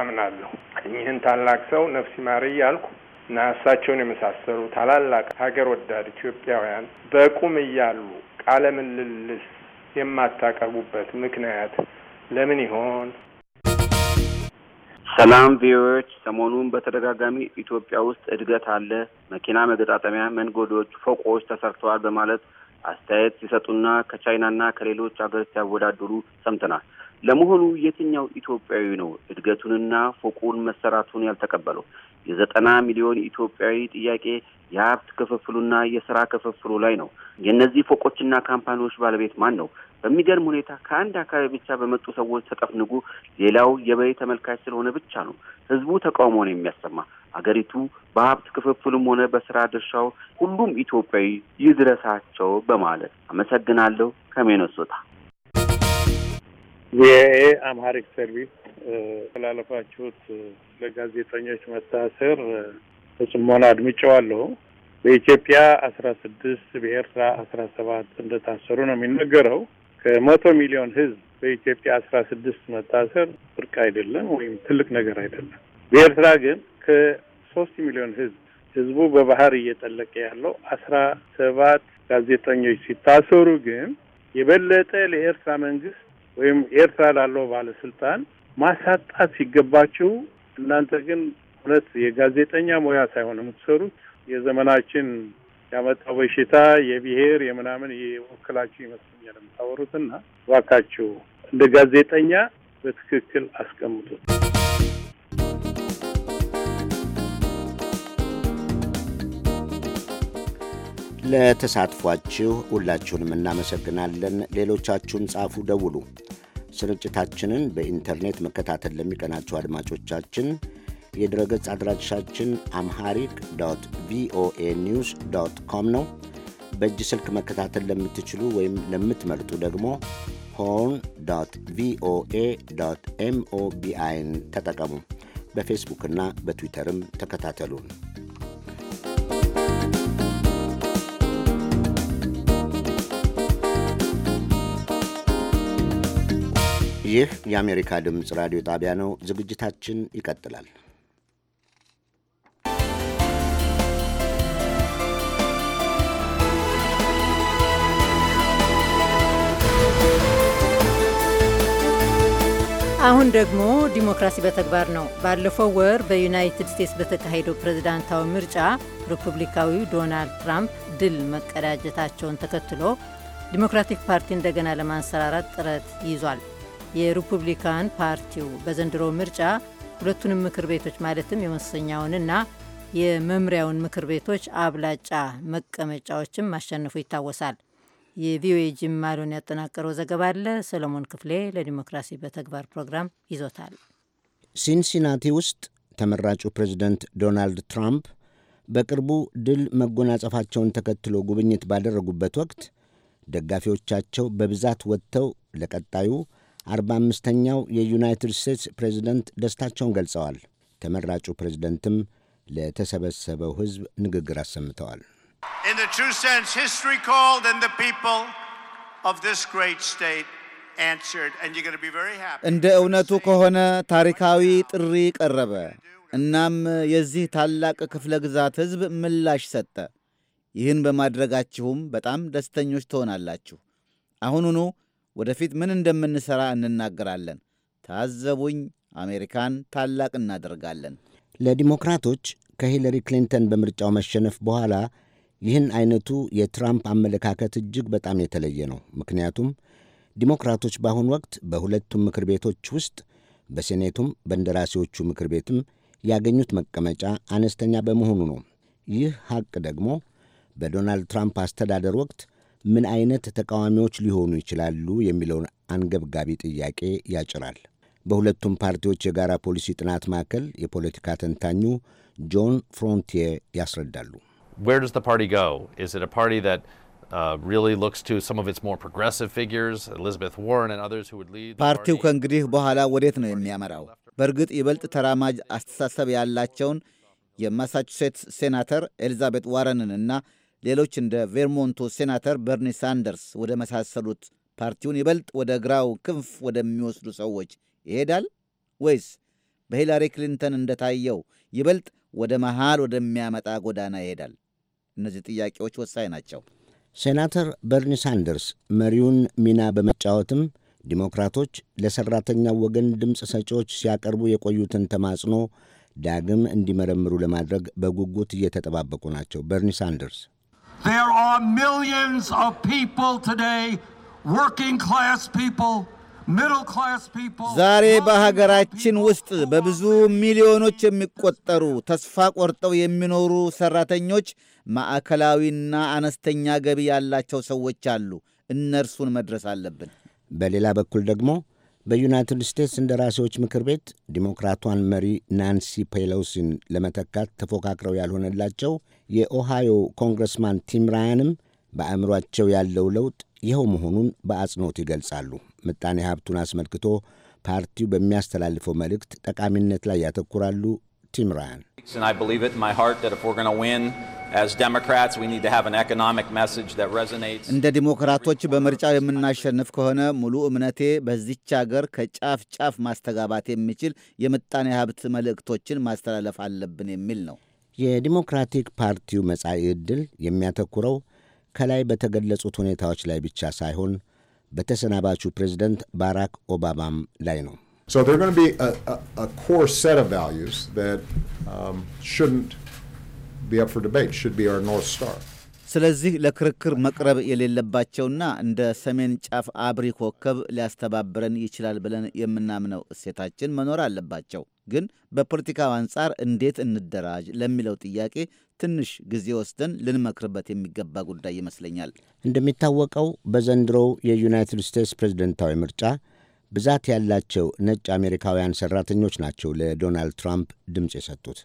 አምናለሁ። እኚህን ታላቅ ሰው ነፍስ ይማር እያልኩ እና እሳቸውን የመሳሰሉ ታላላቅ ሀገር ወዳድ ኢትዮጵያውያን በቁም እያሉ ቃለ ምልልስ የማታቀርቡበት ምክንያት ለምን ይሆን? ሰላም ቪኦኤዎች፣ ሰሞኑን በተደጋጋሚ ኢትዮጵያ ውስጥ እድገት አለ፣ መኪና መገጣጠሚያ መንገዶች፣ ፎቆች ተሰርተዋል በማለት አስተያየት ሲሰጡና ከቻይናና ከሌሎች ሀገሮች ሲያወዳድሩ ሰምተናል። ለመሆኑ የትኛው ኢትዮጵያዊ ነው እድገቱንና ፎቁን መሰራቱን ያልተቀበለው? የዘጠና ሚሊዮን ኢትዮጵያዊ ጥያቄ የሀብት ክፍፍሉና የስራ ክፍፍሉ ላይ ነው። የእነዚህ ፎቆችና ካምፓኒዎች ባለቤት ማን ነው? በሚገርም ሁኔታ ከአንድ አካባቢ ብቻ በመጡ ሰዎች ተጠፍንጎ ሌላው የበይ ተመልካች ስለሆነ ብቻ ነው ህዝቡ ተቃውሞ ነው የሚያሰማ። አገሪቱ በሀብት ክፍፍልም ሆነ በስራ ድርሻው ሁሉም ኢትዮጵያዊ ይድረሳቸው በማለት አመሰግናለሁ። ከሜኖሶታ የቪኦኤ አምሃሪክ ሰርቪስ ተላለፋችሁት ለጋዜጠኞች መታሰር በጽሞና አድምጨዋለሁ። በኢትዮጵያ አስራ ስድስት በኤርትራ አስራ ሰባት እንደታሰሩ ነው የሚነገረው። ከመቶ ሚሊዮን ህዝብ በኢትዮጵያ አስራ ስድስት መታሰር ብርቅ አይደለም ወይም ትልቅ ነገር አይደለም። በኤርትራ ግን ከሶስት ሚሊዮን ህዝብ ህዝቡ በባህር እየጠለቀ ያለው አስራ ሰባት ጋዜጠኞች ሲታሰሩ ግን የበለጠ ለኤርትራ መንግስት ወይም ኤርትራ ላለው ባለስልጣን ማሳጣት ሲገባችሁ እናንተ ግን እውነት የጋዜጠኛ ሙያ ሳይሆን የምትሰሩት የዘመናችን ያመጣው በሽታ የብሔር የምናምን የወክላችሁ ይመስለኛል የምታወሩትና እባካችሁ እንደ ጋዜጠኛ በትክክል አስቀምጡት። ለተሳትፏችሁ ሁላችሁንም እናመሰግናለን። ሌሎቻችሁን ጻፉ፣ ደውሉ። ስርጭታችንን በኢንተርኔት መከታተል ለሚቀናቸው አድማጮቻችን የድረገጽ አድራሻችን አምሃሪክ ዶት ቪኦኤ ኒውስ ዶት ኮም ነው። በእጅ ስልክ መከታተል ለምትችሉ ወይም ለምትመርጡ ደግሞ ሆን ዶት ቪኦኤ ዶት ኤምኦቢአይን ተጠቀሙ። በፌስቡክና በትዊተርም ተከታተሉን። ይህ የአሜሪካ ድምፅ ራዲዮ ጣቢያ ነው። ዝግጅታችን ይቀጥላል። አሁን ደግሞ ዲሞክራሲ በተግባር ነው። ባለፈው ወር በዩናይትድ ስቴትስ በተካሄደው ፕሬዝዳንታዊ ምርጫ ሪፑብሊካዊ ዶናልድ ትራምፕ ድል መቀዳጀታቸውን ተከትሎ ዲሞክራቲክ ፓርቲ እንደገና ለማንሰራራት ጥረት ይዟል። የሪፑብሊካን ፓርቲው በዘንድሮ ምርጫ ሁለቱንም ምክር ቤቶች ማለትም የመወሰኛውንና የመምሪያውን ምክር ቤቶች አብላጫ መቀመጫዎችም ማሸነፉ ይታወሳል። የቪኦኤ ጅማሪውን ያጠናቀረው ዘገባ አለ። ሰለሞን ክፍሌ ለዲሞክራሲ በተግባር ፕሮግራም ይዞታል። ሲንሲናቲ ውስጥ ተመራጩ ፕሬዚደንት ዶናልድ ትራምፕ በቅርቡ ድል መጎናጸፋቸውን ተከትሎ ጉብኝት ባደረጉበት ወቅት ደጋፊዎቻቸው በብዛት ወጥተው ለቀጣዩ 45ኛው የዩናይትድ ስቴትስ ፕሬዚደንት ደስታቸውን ገልጸዋል። ተመራጩ ፕሬዚደንትም ለተሰበሰበው ሕዝብ ንግግር አሰምተዋል። In the true sense, history called and the people of this great state answered, and you're going to be very happy. እንደ እውነቱ ከሆነ ታሪካዊ ጥሪ ቀረበ። እናም የዚህ ታላቅ ክፍለ ግዛት ሕዝብ ምላሽ ሰጠ። ይህን በማድረጋችሁም በጣም ደስተኞች ትሆናላችሁ። አሁኑኑ ወደፊት ምን እንደምንሠራ እንናገራለን። ታዘቡኝ፣ አሜሪካን ታላቅ እናደርጋለን። ለዲሞክራቶች ከሂለሪ ክሊንተን በምርጫው መሸነፍ በኋላ ይህን አይነቱ የትራምፕ አመለካከት እጅግ በጣም የተለየ ነው። ምክንያቱም ዲሞክራቶች በአሁኑ ወቅት በሁለቱም ምክር ቤቶች ውስጥ በሴኔቱም በእንደራሴዎቹ ምክር ቤትም ያገኙት መቀመጫ አነስተኛ በመሆኑ ነው። ይህ ሐቅ ደግሞ በዶናልድ ትራምፕ አስተዳደር ወቅት ምን አይነት ተቃዋሚዎች ሊሆኑ ይችላሉ የሚለውን አንገብጋቢ ጥያቄ ያጭራል። በሁለቱም ፓርቲዎች የጋራ ፖሊሲ ጥናት ማዕከል የፖለቲካ ተንታኙ ጆን ፍሮንቲየር ያስረዳሉ። where does the party go? Is it a party that uh, really looks to some of its more progressive figures, Elizabeth Warren and others who would lead? ፓርቲው ከእንግዲህ በኋላ ወዴት ነው የሚያመራው? በእርግጥ ይበልጥ ተራማጅ አስተሳሰብ ያላቸውን የማሳቹሴትስ ሴናተር ኤሊዛቤት ዋረንን እና ሌሎች እንደ ቬርሞንቱ ሴናተር በርኒ ሳንደርስ ወደ መሳሰሉት ፓርቲውን ይበልጥ ወደ ግራው ክንፍ ወደሚወስዱ ሰዎች ይሄዳል ወይስ በሂላሪ ክሊንተን እንደታየው ይበልጥ ወደ መሃል ወደሚያመጣ ጎዳና ይሄዳል? እነዚህ ጥያቄዎች ወሳኝ ናቸው። ሴናተር በርኒ ሳንደርስ መሪውን ሚና በመጫወትም ዲሞክራቶች ለሠራተኛው ወገን ድምፅ ሰጪዎች ሲያቀርቡ የቆዩትን ተማጽኖ ዳግም እንዲመረምሩ ለማድረግ በጉጉት እየተጠባበቁ ናቸው። በርኒ ሳንደርስ There are millions of people today, working class people, ዛሬ በሀገራችን ውስጥ በብዙ ሚሊዮኖች የሚቆጠሩ ተስፋ ቆርጠው የሚኖሩ ሠራተኞች፣ ማዕከላዊና አነስተኛ ገቢ ያላቸው ሰዎች አሉ። እነርሱን መድረስ አለብን። በሌላ በኩል ደግሞ በዩናይትድ ስቴትስ እንደራሴዎች ምክር ቤት ዲሞክራቷን መሪ ናንሲ ፔሎሲን ለመተካት ተፎካክረው ያልሆነላቸው የኦሃዮ ኮንግረስማን ቲም ራያንም በአእምሯቸው ያለው ለውጥ ይኸው መሆኑን በአጽንኦት ይገልጻሉ። ምጣኔ ሀብቱን አስመልክቶ ፓርቲው በሚያስተላልፈው መልእክት ጠቃሚነት ላይ ያተኩራሉ። ቲም ራያን እንደ ዲሞክራቶች በምርጫው የምናሸንፍ ከሆነ ሙሉ እምነቴ በዚች አገር ከጫፍ ጫፍ ማስተጋባት የሚችል የምጣኔ ሀብት መልእክቶችን ማስተላለፍ አለብን የሚል ነው። የዲሞክራቲክ ፓርቲው መጻኢ ዕድል የሚያተኩረው ከላይ በተገለጹት ሁኔታዎች ላይ ብቻ ሳይሆን በተሰናባቹ ፕሬዝደንት ባራክ ኦባማም ላይ ነው። um, ስለዚህ ለክርክር መቅረብ የሌለባቸውና እንደ ሰሜን ጫፍ አብሪ ኮከብ ሊያስተባብረን ይችላል ብለን የምናምነው እሴታችን መኖር አለባቸው። ግን በፖለቲካው አንጻር እንዴት እንደራጅ ለሚለው ጥያቄ ትንሽ ጊዜ ወስደን ልንመክርበት የሚገባ ጉዳይ ይመስለኛል። እንደሚታወቀው በዘንድሮው የዩናይትድ ስቴትስ ፕሬዝደንታዊ ምርጫ ብዛት ያላቸው ነጭ አሜሪካውያን ሠራተኞች ናቸው ለዶናልድ ትራምፕ ድምፅ የሰጡት።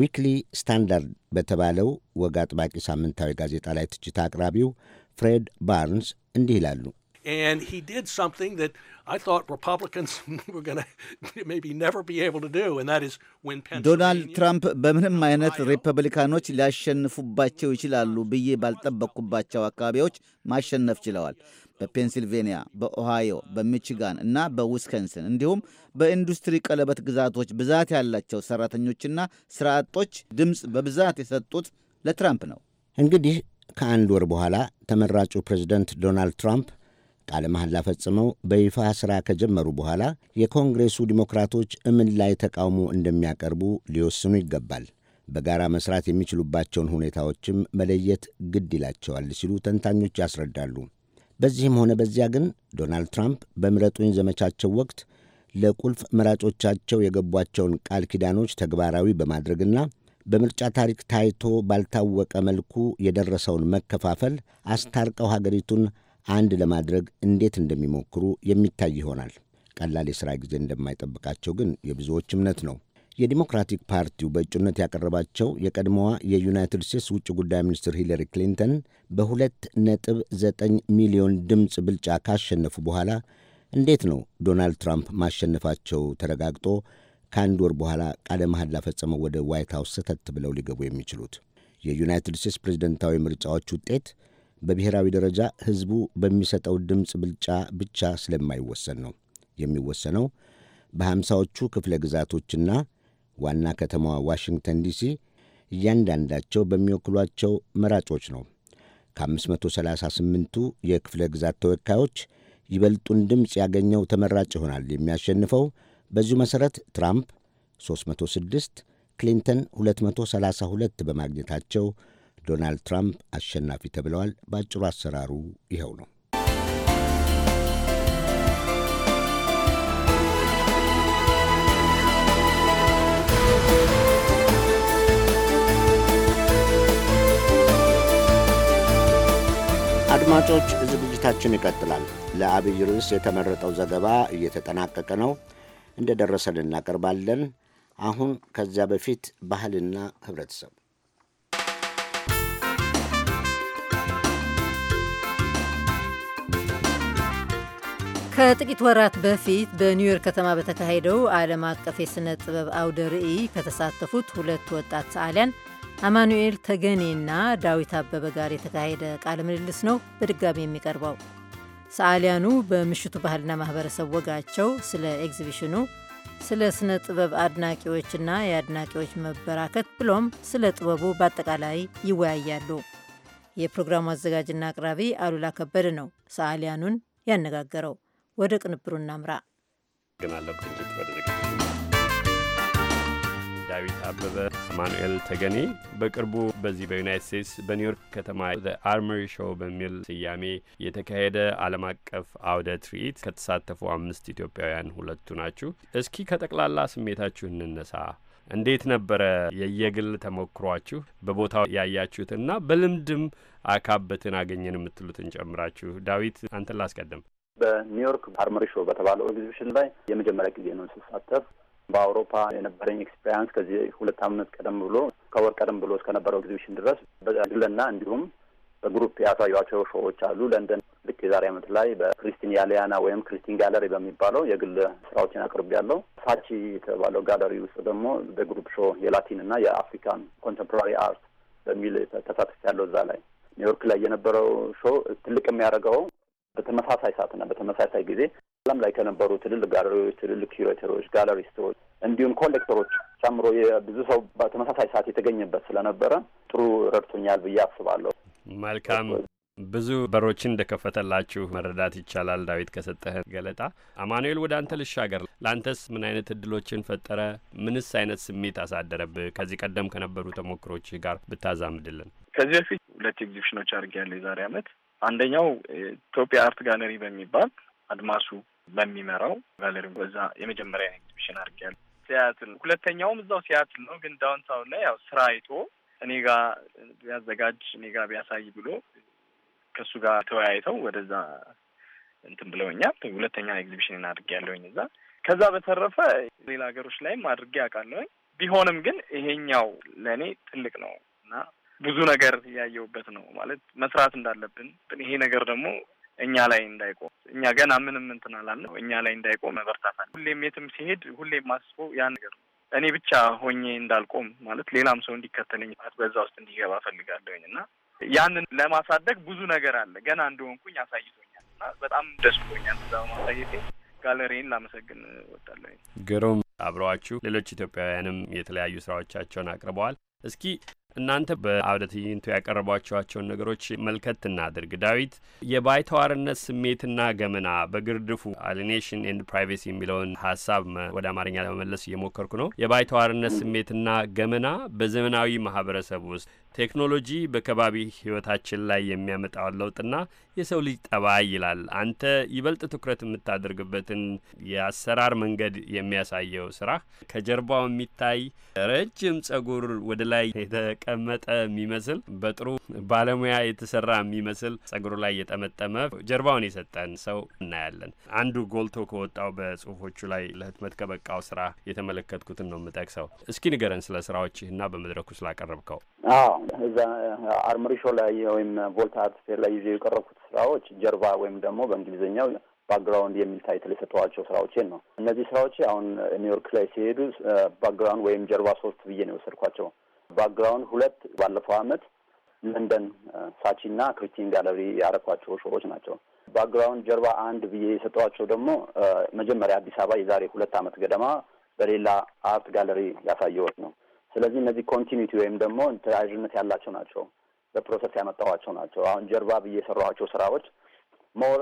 ዊክሊ ስታንዳርድ በተባለው ወግ አጥባቂ ሳምንታዊ ጋዜጣ ላይ ትችት አቅራቢው ፍሬድ ባርንስ እንዲህ ይላሉ። And he did something that I thought Republicans were going to maybe never be able to do, and that is win Pennsylvania. ዶናልድ ትራምፕ በምንም አይነት ሪፐብሊካኖች ሊያሸንፉባቸው ይችላሉ ብዬ ባልጠበቅኩባቸው አካባቢዎች ማሸነፍ ችለዋል። በፔንሲልቬንያ፣ በኦሃዮ፣ በሚችጋን እና በዊስከንስን እንዲሁም በኢንዱስትሪ ቀለበት ግዛቶች ብዛት ያላቸው ሰራተኞችና ስራ አጦች ድምፅ በብዛት የሰጡት ለትራምፕ ነው። እንግዲህ ከአንድ ወር በኋላ ተመራጩ ፕሬዚደንት ዶናልድ ትራምፕ ቃለ መሐላ ፈጽመው በይፋ ሥራ ከጀመሩ በኋላ የኮንግሬሱ ዲሞክራቶች እምን ላይ ተቃውሞ እንደሚያቀርቡ ሊወስኑ ይገባል። በጋራ መስራት የሚችሉባቸውን ሁኔታዎችም መለየት ግድ ይላቸዋል ሲሉ ተንታኞች ያስረዳሉ። በዚህም ሆነ በዚያ ግን ዶናልድ ትራምፕ በምረጡኝ ዘመቻቸው ወቅት ለቁልፍ መራጮቻቸው የገቧቸውን ቃል ኪዳኖች ተግባራዊ በማድረግና በምርጫ ታሪክ ታይቶ ባልታወቀ መልኩ የደረሰውን መከፋፈል አስታርቀው ሀገሪቱን አንድ ለማድረግ እንዴት እንደሚሞክሩ የሚታይ ይሆናል። ቀላል የሥራ ጊዜ እንደማይጠብቃቸው ግን የብዙዎች እምነት ነው። የዲሞክራቲክ ፓርቲው በእጩነት ያቀረባቸው የቀድሞዋ የዩናይትድ ስቴትስ ውጭ ጉዳይ ሚኒስትር ሂለሪ ክሊንተን በሁለት ነጥብ ዘጠኝ ሚሊዮን ድምፅ ብልጫ ካሸነፉ በኋላ እንዴት ነው ዶናልድ ትራምፕ ማሸነፋቸው ተረጋግጦ ከአንድ ወር በኋላ ቃለ መሐላ ፈጽመው ወደ ዋይት ሀውስ ሰተት ብለው ሊገቡ የሚችሉት? የዩናይትድ ስቴትስ ፕሬዝደንታዊ ምርጫዎች ውጤት በብሔራዊ ደረጃ ሕዝቡ በሚሰጠው ድምፅ ብልጫ ብቻ ስለማይወሰን ነው የሚወሰነው በሀምሳዎቹ ክፍለ ግዛቶችና ዋና ከተማዋ ዋሽንግተን ዲሲ እያንዳንዳቸው በሚወክሏቸው መራጮች ነው። ከ538ቱ የክፍለ ግዛት ተወካዮች ይበልጡን ድምፅ ያገኘው ተመራጭ ይሆናል የሚያሸንፈው። በዚሁ መሠረት ትራምፕ 306፣ ክሊንተን 232 በማግኘታቸው ዶናልድ ትራምፕ አሸናፊ ተብለዋል። በአጭሩ አሰራሩ ይኸው ነው። አድማጮች ዝግጅታችን ይቀጥላል። ለአብይ ርዕስ የተመረጠው ዘገባ እየተጠናቀቀ ነው፣ እንደደረሰን እናቀርባለን። አሁን ከዚያ በፊት ባህልና ህብረተሰብ ከጥቂት ወራት በፊት በኒውዮርክ ከተማ በተካሄደው ዓለም አቀፍ የሥነ ጥበብ አውደ ርዕይ ከተሳተፉት ሁለት ወጣት ሰዓሊያን አማኑኤል ተገኔና ዳዊት አበበ ጋር የተካሄደ ቃለ ምልልስ ነው በድጋሚ የሚቀርበው። ሰዓሊያኑ በምሽቱ ባህልና ማህበረሰብ ወጋቸው ስለ ኤግዚቢሽኑ፣ ስለ ስነ ጥበብ አድናቂዎችና የአድናቂዎች መበራከት ብሎም ስለ ጥበቡ በአጠቃላይ ይወያያሉ። የፕሮግራሙ አዘጋጅና አቅራቢ አሉላ ከበደ ነው ሰዓሊያኑን ያነጋገረው። ወደ ቅንብሩ እናምራ። ዳዊት አበበ፣ ማኑኤል ተገኔ በቅርቡ በዚህ በዩናይት ስቴትስ በኒውዮርክ ከተማ አርመሪ ሾው በሚል ስያሜ የተካሄደ ዓለም አቀፍ አውደ ትርኢት ከተሳተፉ አምስት ኢትዮጵያውያን ሁለቱ ናችሁ። እስኪ ከጠቅላላ ስሜታችሁ እንነሳ። እንዴት ነበረ የየግል ተሞክሯችሁ? በቦታው ያያችሁትና በልምድም አካበትን አገኘን የምትሉትን ጨምራችሁ። ዳዊት አንተን ላስቀድም። በኒውዮርክ አርመሪ ሾ በተባለው ኤግዚቢሽን ላይ የመጀመሪያ ጊዜ ነው ስሳተፍ። በአውሮፓ የነበረኝ ኤክስፔሪንስ ከዚህ ሁለት ዓመት ቀደም ብሎ ከወር ቀደም ብሎ እስከነበረው ኤግዚቢሽን ድረስ በግልና እንዲሁም በግሩፕ ያሳዩቸው ሾዎች አሉ። ለንደን ልክ የዛሬ ዓመት ላይ በክሪስቲን ያሊያና ወይም ክሪስቲን ጋለሪ በሚባለው የግል ስራዎችን አቅርብ ያለው ሳቺ የተባለው ጋለሪ ውስጥ ደግሞ በግሩፕ ሾ የላቲን እና የአፍሪካን ኮንቴምፖራሪ አርት በሚል ተሳትፍ ያለው እዛ ላይ ኒውዮርክ ላይ የነበረው ሾ ትልቅ የሚያደርገው በተመሳሳይ ሰዓትና በተመሳሳይ ጊዜ ዓለም ላይ ከነበሩ ትልልቅ ጋለሪዎች፣ ትልልቅ ኩሬተሮች፣ ጋለሪስቶች እንዲሁም ኮሌክተሮች ጨምሮ ብዙ ሰው በተመሳሳይ ሰዓት የተገኘበት ስለነበረ ጥሩ ረድቶኛል ብዬ አስባለሁ። መልካም ብዙ በሮችን እንደከፈተላችሁ መረዳት ይቻላል። ዳዊት ከሰጠህ ገለጣ አማኑኤል፣ ወደ አንተ ልሻገር። ለአንተስ ምን አይነት እድሎችን ፈጠረ? ምንስ አይነት ስሜት አሳደረብህ? ከዚህ ቀደም ከነበሩ ተሞክሮች ጋር ብታዛምድልን። ከዚህ በፊት ሁለት ኤግዚቢሽኖች አድርጌያለሁ። የዛሬ አመት አንደኛው ኢትዮጵያ አርት ጋለሪ በሚባል አድማሱ በሚመራው ጋለሪ በዛ የመጀመሪያ ኤግዚቢሽን አድርጌያለሁ ሲያትል። ሁለተኛውም እዛው ሲያትል ነው፣ ግን ዳውንታውን ላይ ያው ስራ አይቶ እኔ ጋ ቢያዘጋጅ እኔ ጋ ቢያሳይ ብሎ ከእሱ ጋር ተወያይተው ወደዛ እንትን ብለውኛል። ሁለተኛ ኤግዚቢሽን አድርጌያለሁኝ እዛ። ከዛ በተረፈ ሌላ ሀገሮች ላይም አድርጌ አውቃለሁኝ። ቢሆንም ግን ይሄኛው ለእኔ ትልቅ ነው እና ብዙ ነገር ያየሁበት ነው ማለት መስራት እንዳለብን ይሄ ነገር ደግሞ እኛ ላይ እንዳይቆም እኛ ገና ምንም እንትን አላልነው እኛ ላይ እንዳይቆም መበርታታል። ሁሌም የትም ሲሄድ ሁሌም ማስበው ያን ነገር ነው። እኔ ብቻ ሆኜ እንዳልቆም ማለት ሌላም ሰው እንዲከተለኝ በዛ ውስጥ እንዲገባ ፈልጋለሁኝ እና ያንን ለማሳደግ ብዙ ነገር አለ ገና እንደሆንኩኝ አሳይቶኛል እና በጣም ደስ ብሎኛል። እዛ በማሳየቴ ጋለሪን ላመሰግን ወጣለኝ ግሩም አብረዋችሁ ሌሎች ኢትዮጵያውያንም የተለያዩ ስራዎቻቸውን አቅርበዋል። እስኪ እናንተ በአውደ ትዕይንቱ ያቀረቧቸዋቸውን ነገሮች መልከት እናድርግ። ዳዊት የባይተዋርነት ስሜትና ገመና በግርድፉ አሊኔሽን ኤንድ ፕራይቬሲ የሚለውን ሀሳብ ወደ አማርኛ ለመመለስ እየሞከርኩ ነው። የባይተዋርነት ስሜትና ገመና በዘመናዊ ማህበረሰብ ውስጥ ቴክኖሎጂ በከባቢ ህይወታችን ላይ የሚያመጣውን ለውጥና የሰው ልጅ ጠባይ ይላል። አንተ ይበልጥ ትኩረት የምታደርግበትን የአሰራር መንገድ የሚያሳየው ስራ ከጀርባው የሚታይ ረጅም ጸጉር ወደ ላይ የተቀመጠ የሚመስል በጥሩ ባለሙያ የተሰራ የሚመስል ጸጉሩ ላይ የጠመጠመ ጀርባውን የሰጠን ሰው እናያለን። አንዱ ጎልቶ ከወጣው በጽሁፎቹ ላይ ለህትመት ከበቃው ስራ የተመለከትኩትን ነው የምጠቅሰው። እስኪ ንገረን ስለ ስራዎችህና በመድረኩ ስላቀረብከው። አዎ እዛ አርምሪሾ ላይ ወይም ቮልታ አርት ላይ ይዤ የቀረብኩት ስራዎች ጀርባ ወይም ደግሞ በእንግሊዝኛው ባክግራውንድ የሚል ታይትል የሰጠኋቸው ስራዎቼን ነው። እነዚህ ስራዎቼ አሁን ኒውዮርክ ላይ ሲሄዱ ባክግራውንድ ወይም ጀርባ ሶስት ብዬ ነው የወሰድኳቸው። ባክግራውንድ ሁለት ባለፈው አመት ለንደን ሳቺ እና ክሪስቲን ጋለሪ ያረኳቸው ሾዎች ናቸው። ባክግራውንድ ጀርባ አንድ ብዬ የሰጠኋቸው ደግሞ መጀመሪያ አዲስ አበባ የዛሬ ሁለት አመት ገደማ በሌላ አርት ጋለሪ ያሳየሁት ነው። ስለዚህ እነዚህ ኮንቲኒቲ ወይም ደግሞ ተያያዥነት ያላቸው ናቸው። በፕሮሰስ ያመጣኋቸው ናቸው። አሁን ጀርባ ብዬ የሰራኋቸው ስራዎች ሞር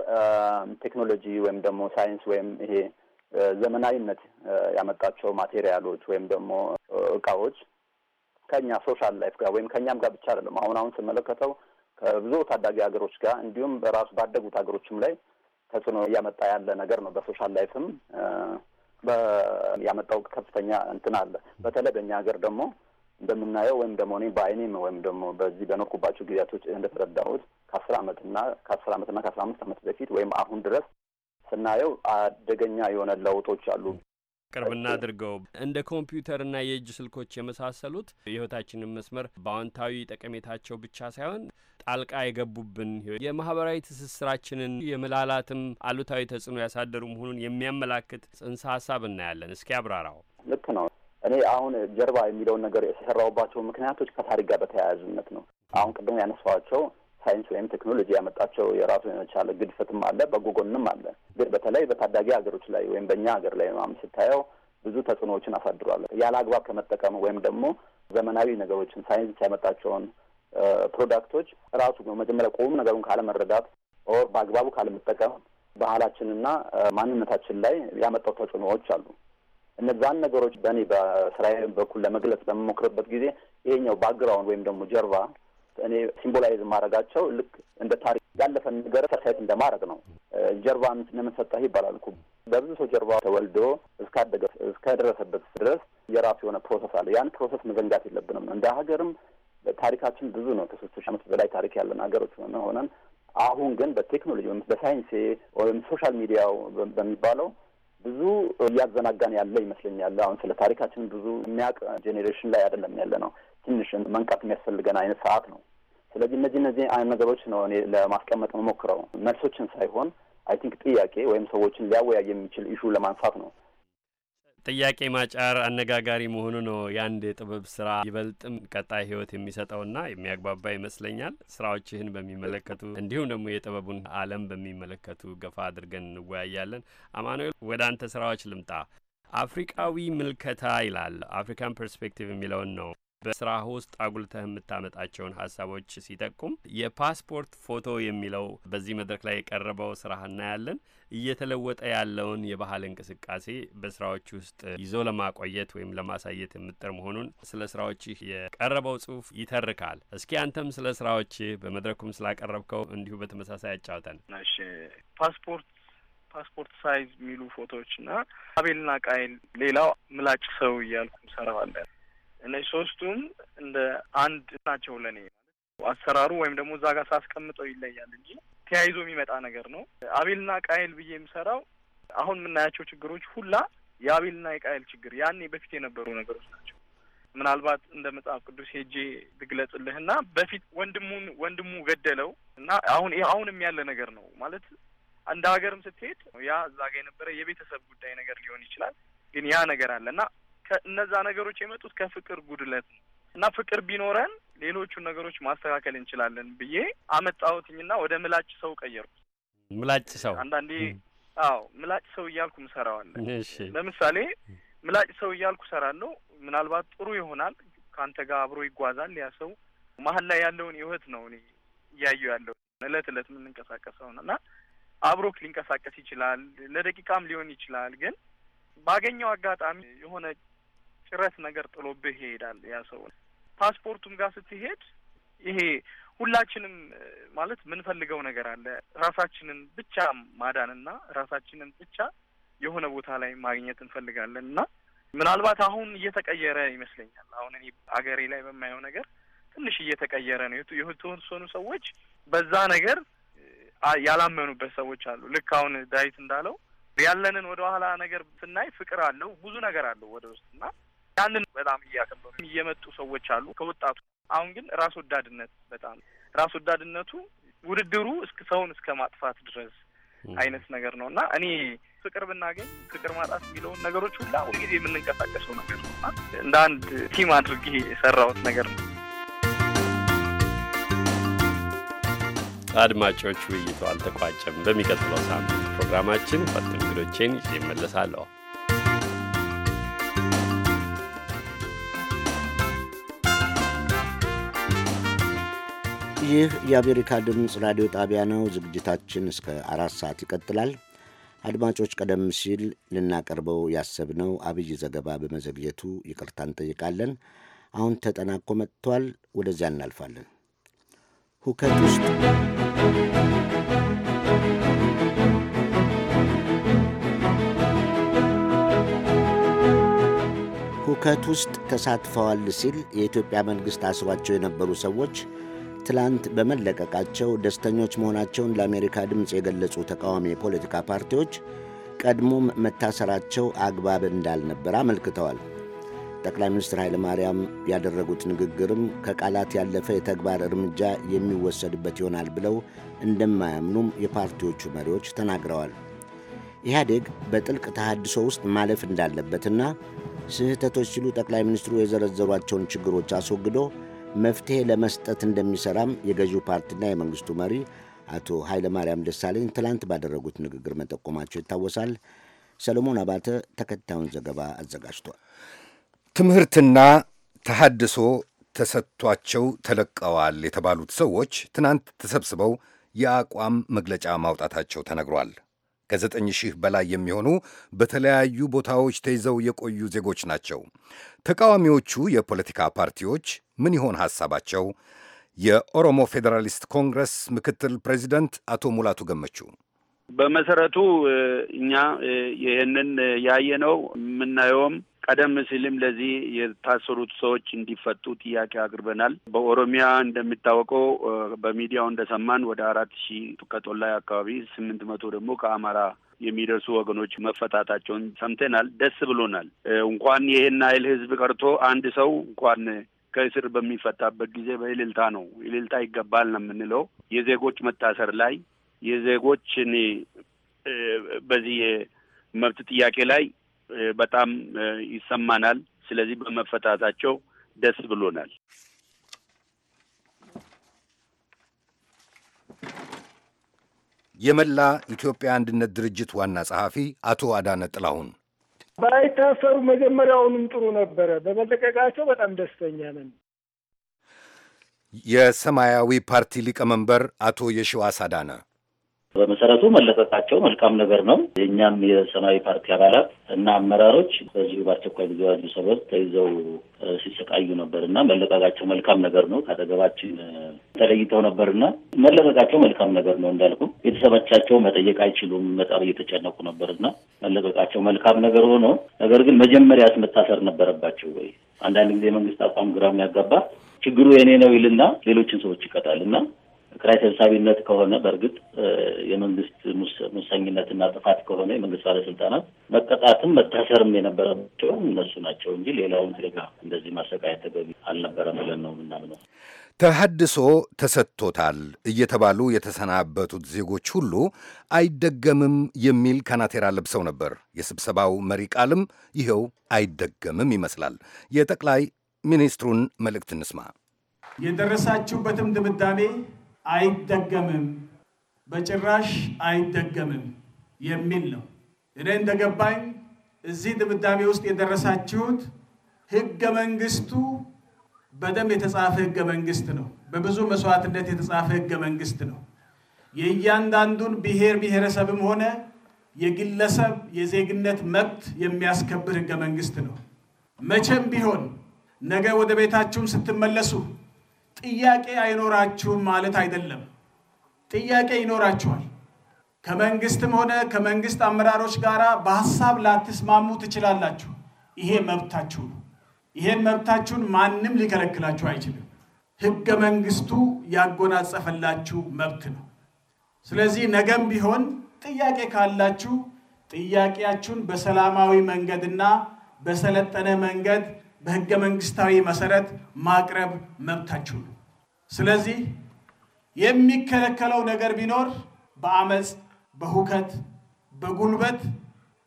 ቴክኖሎጂ uh, ወይም ደግሞ ሳይንስ ወይም ይሄ uh, ዘመናዊነት uh, ያመጣቸው ማቴሪያሎች ወይም ደግሞ እቃዎች ከኛ ሶሻል ላይፍ ጋር ወይም ከእኛም ጋር ብቻ አይደለም። አሁን አሁን ስመለከተው ከብዙ ታዳጊ ሀገሮች ጋር እንዲሁም በራሱ ባደጉት ሀገሮችም ላይ ተጽዕኖ እያመጣ ያለ ነገር ነው በሶሻል ላይፍም ያመጣው ከፍተኛ እንትን አለ። በተለይ በእኛ ሀገር ደግሞ እንደምናየው ወይም ደግሞ እኔ በአይኔም ወይም ደግሞ በዚህ በኖርኩባቸው ጊዜያቶች እንደተረዳሁት ከአስር አመትና ከአስር አመትና ከአስራ አምስት አመት በፊት ወይም አሁን ድረስ ስናየው አደገኛ የሆነ ለውጦች አሉ። ቅርብ እናድርገው። እንደ ኮምፒውተርና የእጅ ስልኮች የመሳሰሉት የህይወታችንን መስመር በአዎንታዊ ጠቀሜታቸው ብቻ ሳይሆን ጣልቃ የገቡብን የማህበራዊ ትስስራችንን የመላላትም አሉታዊ ተጽዕኖ ያሳደሩ መሆኑን የሚያመላክት ጽንሰ ሀሳብ እናያለን። እስኪ አብራራው። ልክ ነው። እኔ አሁን ጀርባ የሚለውን ነገር የሰራውባቸው ምክንያቶች ከታሪክ ጋር በተያያዙነት ነው። አሁን ቅድሞ ያነሳዋቸው ሳይንስ ወይም ቴክኖሎጂ ያመጣቸው የራሱ የቻለ ግድፈትም አለ፣ በጎ ጎንም አለ። ግን በተለይ በታዳጊ ሀገሮች ላይ ወይም በእኛ ሀገር ላይ ምናምን ስታየው ብዙ ተጽዕኖዎችን አሳድሯል። ያለ አግባብ ከመጠቀም ወይም ደግሞ ዘመናዊ ነገሮችን ሳይንስ ያመጣቸውን ፕሮዳክቶች ራሱ መጀመሪያ ቆሙ ነገሩን ካለመረዳት ኦር በአግባቡ ካለመጠቀም ባህላችንና ማንነታችን ላይ ያመጣው ተጽዕኖዎች አሉ። እነዛን ነገሮች በእኔ በስራዬ በኩል ለመግለጽ በምሞክርበት ጊዜ ይሄኛው ባክግራውንድ ወይም ደግሞ ጀርባ እኔ ሲምቦላይዝ ማድረጋቸው ልክ እንደ ታሪክ ያለፈን ነገር ተሳይት እንደማድረግ ነው። ጀርባ ስለምንሰጠህ ይባላል እኮ በብዙ ሰው ጀርባ ተወልዶ እስካደገ እስከደረሰበት ድረስ የራሱ የሆነ ፕሮሰስ አለ። ያን ፕሮሰስ መዘንጋት የለብንም። እንደ ሀገርም ታሪካችን ብዙ ነው። ከሶስት ሺህ ዓመት በላይ ታሪክ ያለን ሀገሮች ሆነን አሁን ግን በቴክኖሎጂ ወይም በሳይንስ ወይም ሶሻል ሚዲያው በሚባለው ብዙ እያዘናጋን ያለ ይመስለኛል። አሁን ስለ ታሪካችን ብዙ የሚያውቅ ጄኔሬሽን ላይ አይደለም ያለ ነው። ትንሽ መንቃት የሚያስፈልገን አይነት ሰዓት ነው። ስለዚህ እነዚህ እነዚህ አይነት ነገሮች ነው እኔ ለማስቀመጥ መሞክረው መልሶችን ሳይሆን አይ ቲንክ ጥያቄ ወይም ሰዎችን ሊያወያይ የሚችል ኢሹ ለማንሳት ነው። ጥያቄ ማጫር አነጋጋሪ መሆኑ ነው የአንድ የጥበብ ስራ ይበልጥም ቀጣይ ህይወት የሚሰጠውና የሚያግባባ ይመስለኛል። ስራዎችህን በሚመለከቱ እንዲሁም ደግሞ የጥበቡን ዓለም በሚመለከቱ ገፋ አድርገን እንወያያለን። አማኑኤል ወደ አንተ ስራዎች ልምጣ። አፍሪቃዊ ምልከታ ይላል አፍሪካን ፐርስፔክቲቭ የሚለውን ነው በስራ ውስጥ አጉልተህ የምታመጣቸውን ሀሳቦች ሲጠቁም የፓስፖርት ፎቶ የሚለው በዚህ መድረክ ላይ የቀረበው ስራ እናያለን። እየተለወጠ ያለውን የባህል እንቅስቃሴ በስራዎች ውስጥ ይዞ ለማቆየት ወይም ለማሳየት የምጥር መሆኑን ስለ ስራዎች የቀረበው ጽሁፍ ይተርካል። እስኪ አንተም ስለ ስራዎች በመድረኩም ስላቀረብከው እንዲሁ በተመሳሳይ አጫውተን። እሺ ፓስፖርት ፓስፖርት ሳይዝ የሚሉ ፎቶዎች እና አቤልና ቃይል ሌላው ምላጭ ሰው እያልኩም ሰራዋለን እነዚህ ሶስቱም እንደ አንድ ናቸው ለእኔ አሰራሩ ወይም ደግሞ እዛ ጋር ሳስቀምጠው ይለያል እንጂ ተያይዞ የሚመጣ ነገር ነው። አቤልና ቃይል ብዬ የምሰራው አሁን የምናያቸው ችግሮች ሁላ የአቤልና የቃይል ችግር ያኔ በፊት የነበሩ ነገሮች ናቸው። ምናልባት እንደ መጽሐፍ ቅዱስ ሄጄ ልግለጽልህና በፊት ወንድሙን ወንድሙ ገደለው እና አሁን አሁንም ያለ ነገር ነው ማለት እንደ ሀገርም ስትሄድ ያ እዛ ጋ የነበረ የቤተሰብ ጉዳይ ነገር ሊሆን ይችላል። ግን ያ ነገር አለ እና እነዛ ነገሮች የመጡት ከፍቅር ጉድለት ነው እና ፍቅር ቢኖረን ሌሎቹን ነገሮች ማስተካከል እንችላለን ብዬ አመጣሁትኝና ወደ ምላጭ ሰው ቀየርኩት። ምላጭ ሰው አንዳንዴ አዎ ምላጭ ሰው እያልኩ ምሰራዋለን። ለምሳሌ ምላጭ ሰው እያልኩ ሰራለሁ። ምናልባት ጥሩ ይሆናል፣ ከአንተ ጋር አብሮ ይጓዛል። ያ ሰው መሀል ላይ ያለውን ህይወት ነው እኔ እያየሁ ያለው እለት እለት ነው እና አብሮክ ሊንቀሳቀስ ይችላል፣ ለደቂቃም ሊሆን ይችላል። ግን ባገኘው አጋጣሚ የሆነ ጭረት ነገር ጥሎብህ ይሄዳል። ያ ሰው ፓስፖርቱም ጋር ስትሄድ ይሄ ሁላችንም ማለት የምንፈልገው ነገር አለ። ራሳችንን ብቻ ማዳንና ራሳችንን ብቻ የሆነ ቦታ ላይ ማግኘት እንፈልጋለን እና ምናልባት አሁን እየተቀየረ ይመስለኛል። አሁን እኔ አገሬ ላይ በማየው ነገር ትንሽ እየተቀየረ ነው። የተወሰኑ ሰዎች በዛ ነገር ያላመኑበት ሰዎች አሉ። ልክ አሁን ዳዊት እንዳለው ያለንን ወደ ኋላ ነገር ስናይ ፍቅር አለው ብዙ ነገር አለው ወደ ውስጥ እና ያንን በጣም እያከበሩ እየመጡ ሰዎች አሉ ከወጣቱ። አሁን ግን ራስ ወዳድነት በጣም ራስ ወዳድነቱ ውድድሩ እስከ ሰውን እስከ ማጥፋት ድረስ አይነት ነገር ነው እና እኔ ፍቅር ብናገኝ ፍቅር ማጣት የሚለውን ነገሮች ሁላ ሁልጊዜ የምንንቀሳቀሰው ነገር ነው እና እንደ አንድ ቲም አድርጌ የሰራሁት ነገር ነው። አድማጮች፣ ውይይቱ አልተቋጨም። በሚቀጥለው ሳምንት ፕሮግራማችን ሁለት እንግዶቼን ይዤ እመለሳለሁ። ይህ የአሜሪካ ድምፅ ራዲዮ ጣቢያ ነው። ዝግጅታችን እስከ አራት ሰዓት ይቀጥላል። አድማጮች፣ ቀደም ሲል ልናቀርበው ያሰብነው አብይ ዘገባ በመዘግየቱ ይቅርታ እንጠይቃለን። አሁን ተጠናቆ መጥቷል። ወደዚያ እናልፋለን። ሁከት ውስጥ ሁከት ውስጥ ተሳትፈዋል ሲል የኢትዮጵያ መንግሥት አስሯቸው የነበሩ ሰዎች ትላንት በመለቀቃቸው ደስተኞች መሆናቸውን ለአሜሪካ ድምፅ የገለጹ ተቃዋሚ የፖለቲካ ፓርቲዎች ቀድሞም መታሰራቸው አግባብ እንዳልነበር አመልክተዋል። ጠቅላይ ሚኒስትር ኃይለ ማርያም ያደረጉት ንግግርም ከቃላት ያለፈ የተግባር እርምጃ የሚወሰድበት ይሆናል ብለው እንደማያምኑም የፓርቲዎቹ መሪዎች ተናግረዋል። ኢህአዴግ በጥልቅ ተሃድሶ ውስጥ ማለፍ እንዳለበትና ስህተቶች ሲሉ ጠቅላይ ሚኒስትሩ የዘረዘሯቸውን ችግሮች አስወግዶ መፍትሔ ለመስጠት እንደሚሰራም የገዢው ፓርቲና የመንግስቱ መሪ አቶ ኃይለማርያም ደሳለኝ ትላንት ባደረጉት ንግግር መጠቆማቸው ይታወሳል። ሰለሞን አባተ ተከታዩን ዘገባ አዘጋጅቷል። ትምህርትና ተሃድሶ ተሰጥቷቸው ተለቀዋል የተባሉት ሰዎች ትናንት ተሰብስበው የአቋም መግለጫ ማውጣታቸው ተነግሯል። ከዘጠኝ ሺህ በላይ የሚሆኑ በተለያዩ ቦታዎች ተይዘው የቆዩ ዜጎች ናቸው። ተቃዋሚዎቹ የፖለቲካ ፓርቲዎች ምን ይሆን ሐሳባቸው? የኦሮሞ ፌዴራሊስት ኮንግረስ ምክትል ፕሬዚደንት አቶ ሙላቱ ገመቹ በመሰረቱ እኛ ይህንን ያየነው የምናየውም ቀደም ሲልም ለዚህ የታሰሩት ሰዎች እንዲፈቱ ጥያቄ አቅርበናል። በኦሮሚያ እንደሚታወቀው በሚዲያው እንደሰማን ወደ አራት ሺህ ከጦላይ አካባቢ ስምንት መቶ ደግሞ ከአማራ የሚደርሱ ወገኖች መፈታታቸውን ሰምተናል። ደስ ብሎናል። እንኳን ይህን ያህል ህዝብ ቀርቶ አንድ ሰው እንኳን ከእስር በሚፈታበት ጊዜ በእልልታ ነው። እልልታ ይገባል ነው የምንለው። የዜጎች መታሰር ላይ የዜጎችን በዚህ መብት ጥያቄ ላይ በጣም ይሰማናል። ስለዚህ በመፈታታቸው ደስ ብሎናል። የመላ ኢትዮጵያ አንድነት ድርጅት ዋና ጸሐፊ አቶ አዳነ ጥላሁን ባይታሰሩ መጀመሪያውንም ጥሩ ነበረ። በመለቀቃቸው በጣም ደስተኛ ነን። የሰማያዊ ፓርቲ ሊቀመንበር አቶ የሺዋስ አዳነ በመሰረቱ መለቀቃቸው መልካም ነገር ነው። የእኛም የሰማያዊ ፓርቲ አባላት እና አመራሮች በዚሁ በአስቸኳይ ጊዜ አዋጁ ሰበብ ተይዘው ሲሰቃዩ ነበር እና መለቀቃቸው መልካም ነገር ነው። ከአጠገባችን ተለይተው ነበር እና መለቀቃቸው መልካም ነገር ነው። እንዳልኩም ቤተሰቦቻቸው መጠየቅ አይችሉም። በጣም እየተጨነቁ ነበር እና መለቀቃቸው መልካም ነገር ሆኖ ነገር ግን መጀመሪያስ መታሰር ነበረባቸው ወይ? አንዳንድ ጊዜ መንግስት አቋም ግራም ያጋባ ችግሩ የኔ ነው ይልና ሌሎችን ሰዎች ይቀጣል እና ጠቅላይ ሰብሳቢነት ከሆነ በእርግጥ የመንግስት ሙሰኝነትና ጥፋት ከሆነ የመንግስት ባለስልጣናት መቀጣትም መታሰርም የነበረባቸው እነሱ ናቸው እንጂ ሌላውን ዜጋ እንደዚህ ማሰቃየት ተገቢ አልነበረም ብለን ነው የምናምነው። ተሐድሶ ተሰጥቶታል እየተባሉ የተሰናበቱት ዜጎች ሁሉ አይደገምም የሚል ካናቴራ ለብሰው ነበር። የስብሰባው መሪ ቃልም ይኸው አይደገምም ይመስላል። የጠቅላይ ሚኒስትሩን መልእክት እንስማ። የደረሳችሁበትም ድምዳሜ አይደገምም፣ በጭራሽ አይደገምም የሚል ነው። እኔ እንደገባኝ እዚህ ድምዳሜ ውስጥ የደረሳችሁት ህገ መንግስቱ በደም የተጻፈ ህገ መንግስት ነው። በብዙ መስዋዕትነት የተጻፈ ህገ መንግስት ነው። የእያንዳንዱን ብሔር ብሔረሰብም ሆነ የግለሰብ የዜግነት መብት የሚያስከብር ህገ መንግስት ነው። መቼም ቢሆን ነገ ወደ ቤታችሁም ስትመለሱ ጥያቄ አይኖራችሁም ማለት አይደለም። ጥያቄ ይኖራችኋል። ከመንግስትም ሆነ ከመንግስት አመራሮች ጋር በሀሳብ ላትስማሙ ትችላላችሁ። ይሄ መብታችሁ ነው። ይሄን መብታችሁን ማንም ሊከለክላችሁ አይችልም። ህገ መንግስቱ ያጎናጸፈላችሁ መብት ነው። ስለዚህ ነገም ቢሆን ጥያቄ ካላችሁ ጥያቄያችሁን በሰላማዊ መንገድና በሰለጠነ መንገድ በህገ መንግስታዊ መሰረት ማቅረብ መብታችሁ ነው። ስለዚህ የሚከለከለው ነገር ቢኖር በአመፅ፣ በሁከት፣ በጉልበት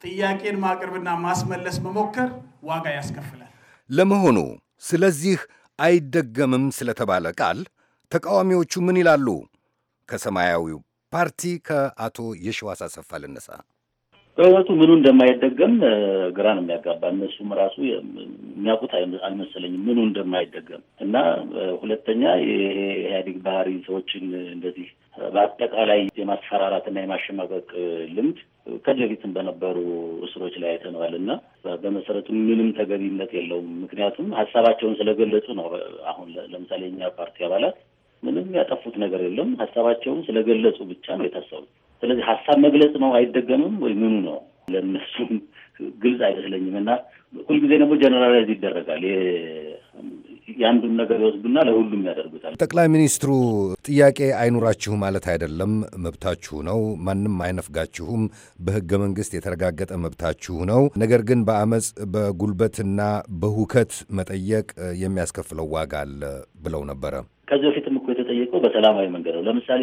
ጥያቄን ማቅረብና ማስመለስ መሞከር ዋጋ ያስከፍላል። ለመሆኑ ስለዚህ አይደገምም ስለተባለ ቃል ተቃዋሚዎቹ ምን ይላሉ? ከሰማያዊው ፓርቲ ከአቶ የሸዋስ አሰፋ ልነሳ። በእውነቱ ምኑ እንደማይደገም ግራ ነው የሚያጋባ። እነሱም ራሱ የሚያውቁት አልመሰለኝም ምኑ እንደማይደገም እና ሁለተኛ የኢህአዴግ ባህሪ ሰዎችን እንደዚህ በአጠቃላይ የማስፈራራትና የማሸማቀቅ ልምድ ከዚህ በፊትም በነበሩ እስሮች ላይ አይተነዋል እና በመሰረቱ ምንም ተገቢነት የለውም። ምክንያቱም ሀሳባቸውን ስለገለጹ ነው። አሁን ለምሳሌ የኛ ፓርቲ አባላት ምንም ያጠፉት ነገር የለም። ሀሳባቸውን ስለገለጹ ብቻ ነው የታሰሩት። ስለዚህ ሀሳብ መግለጽ ነው አይደገምም ወይ ምኑ ነው ለእነሱም ግልጽ አይመስለኝም። እና ሁልጊዜ ደግሞ ጀነራላይዝ ይደረጋል። የአንዱን ነገር ይወስዱና ለሁሉም ያደርጉታል። ጠቅላይ ሚኒስትሩ ጥያቄ አይኑራችሁ ማለት አይደለም፣ መብታችሁ ነው። ማንም አይነፍጋችሁም። በህገ መንግስት የተረጋገጠ መብታችሁ ነው። ነገር ግን በአመፅ በጉልበትና በሁከት መጠየቅ የሚያስከፍለው ዋጋ አለ ብለው ነበረ። ከዚህ በፊትም በሰላማዊ መንገድ ነው። ለምሳሌ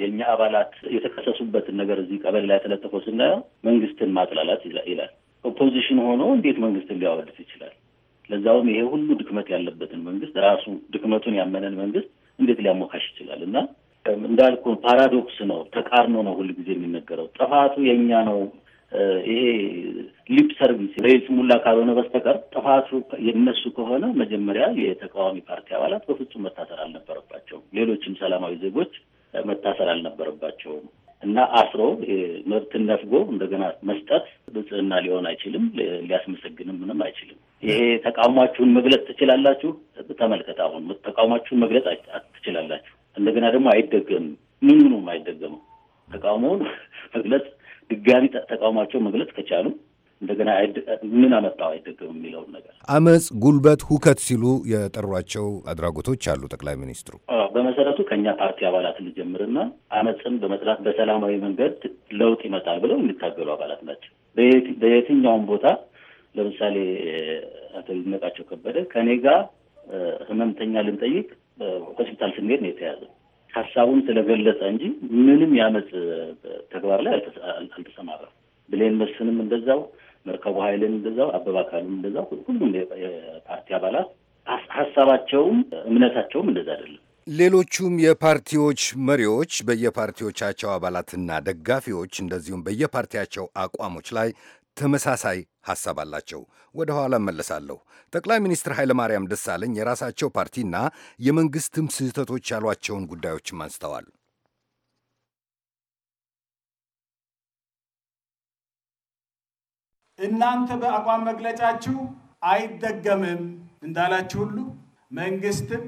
የእኛ አባላት የተከሰሱበትን ነገር እዚህ ቀበሌ ላይ ተለጥፎ ስናየው መንግስትን ማጥላላት ይላል። ኦፖዚሽን ሆኖ እንዴት መንግስትን ሊያወድስ ይችላል? ለዛውም ይሄ ሁሉ ድክመት ያለበትን መንግስት ራሱ ድክመቱን ያመነን መንግስት እንዴት ሊያሞካሽ ይችላል? እና እንዳልኩ ፓራዶክስ ነው፣ ተቃርኖ ነው ሁልጊዜ የሚነገረው። ጥፋቱ የእኛ ነው ይሄ ሊፕ ሰርቪስ ሬስ ሙላ ካልሆነ በስተቀር ጥፋቱ የነሱ ከሆነ መጀመሪያ የተቃዋሚ ፓርቲ አባላት በፍጹም መታሰር አልነበረባቸውም። ሌሎችም ሰላማዊ ዜጎች መታሰር አልነበረባቸውም እና አስሮ መብትን ነፍጎ እንደገና መስጠት ብጽህና ሊሆን አይችልም። ሊያስመሰግንም ምንም አይችልም። ይሄ ተቃውሟችሁን መግለጽ ትችላላችሁ። ተመልከት፣ አሁን ተቃውሟችሁን መግለጽ ትችላላችሁ። እንደገና ደግሞ አይደገምም። ምኑም አይደገምም። ተቃውሞውን መግለጽ ድጋሚ ተቃውሟቸው መግለጽ ከቻሉ እንደገና ምን አመጣው አይደገም የሚለውን ነገር አመፅ፣ ጉልበት፣ ሁከት ሲሉ የጠሯቸው አድራጎቶች አሉ። ጠቅላይ ሚኒስትሩ በመሰረቱ ከእኛ ፓርቲ አባላት እንጀምርና አመፅን በመጥላት በሰላማዊ መንገድ ለውጥ ይመጣል ብለው የሚታገሉ አባላት ናቸው። በየትኛውም ቦታ ለምሳሌ አቶ ይድነቃቸው ከበደ ከኔ ጋር ህመምተኛ ልንጠይቅ ሆስፒታል ስንሄድ ነው የተያዘው። ሀሳቡን ስለገለጸ እንጂ ምንም ያመፅ ተግባር ላይ አልተሰማራም። ብሌን መስንም እንደዛው፣ መርከቡ ኃይልን እንደዛው፣ አበባ አካሉም እንደዛው፣ ሁሉም የፓርቲ አባላት ሀሳባቸውም እምነታቸውም እንደዛ አይደለም። ሌሎቹም የፓርቲዎች መሪዎች በየፓርቲዎቻቸው አባላትና ደጋፊዎች እንደዚሁም በየፓርቲያቸው አቋሞች ላይ ተመሳሳይ ሐሳብ አላቸው። ወደ ኋላ መለሳለሁ። ጠቅላይ ሚኒስትር ኃይለማርያም ደሳለኝ የራሳቸው ፓርቲና የመንግሥትም ስህተቶች ያሏቸውን ጉዳዮችም አንስተዋል። እናንተ በአቋም መግለጫችሁ አይደገምም እንዳላችሁ ሁሉ መንግስትም